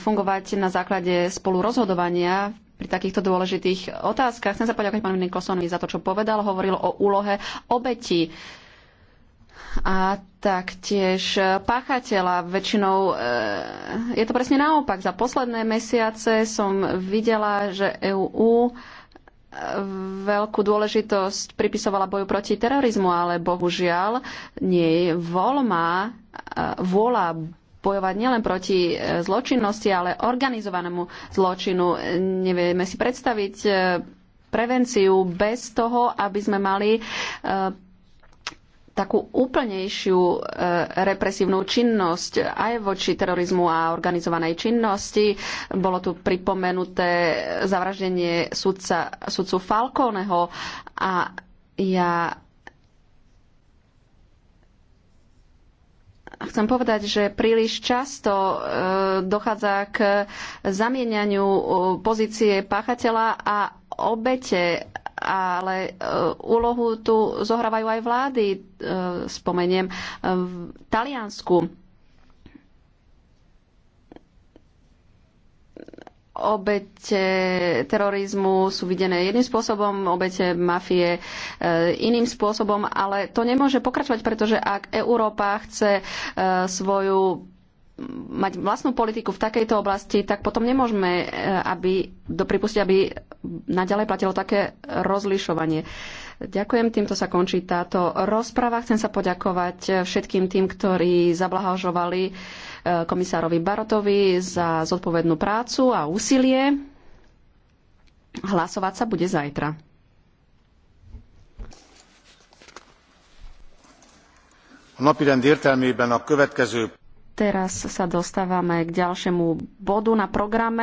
fungovať na základe spolurozhodovania pri takýchto dôležitých otázkach. Chcem sa poďakovať pánovi Nikolsonovi za to, čo povedal. Hovoril o úlohe obetí a taktiež e, páchateľa. Väčšinou e, je to presne naopak. Za posledné mesiace som videla, že EÚ e, veľkú dôležitosť pripisovala boju proti terorizmu, ale bohužiaľ nie je voľma, vôľa bojovať nielen proti zločinnosti, ale organizovanému zločinu. Nevieme si predstaviť prevenciu bez toho, aby sme mali takú úplnejšiu e, represívnu činnosť aj voči terorizmu a organizovanej činnosti. Bolo tu pripomenuté zavraždenie sudca, sudcu Falkóneho a ja chcem povedať, že príliš často e, dochádza k zamienianiu e, pozície páchateľa a obete ale e, úlohu tu zohrávajú aj vlády. E, spomeniem e, v Taliansku obete terorizmu sú videné jedným spôsobom, obete mafie iným spôsobom, ale to nemôže pokračovať, pretože ak Európa chce svoju mať vlastnú politiku v takejto oblasti, tak potom nemôžeme e, aby, dopripustiť, aby naďalej platilo také rozlišovanie. Ďakujem, týmto sa končí táto rozprava. Chcem sa poďakovať všetkým tým, ktorí zablahožovali e, komisárovi Barotovi za zodpovednú prácu a úsilie. Hlasovať sa bude zajtra. A rend értelmében a következő Teraz sa dostávame k ďalšiemu bodu na programe.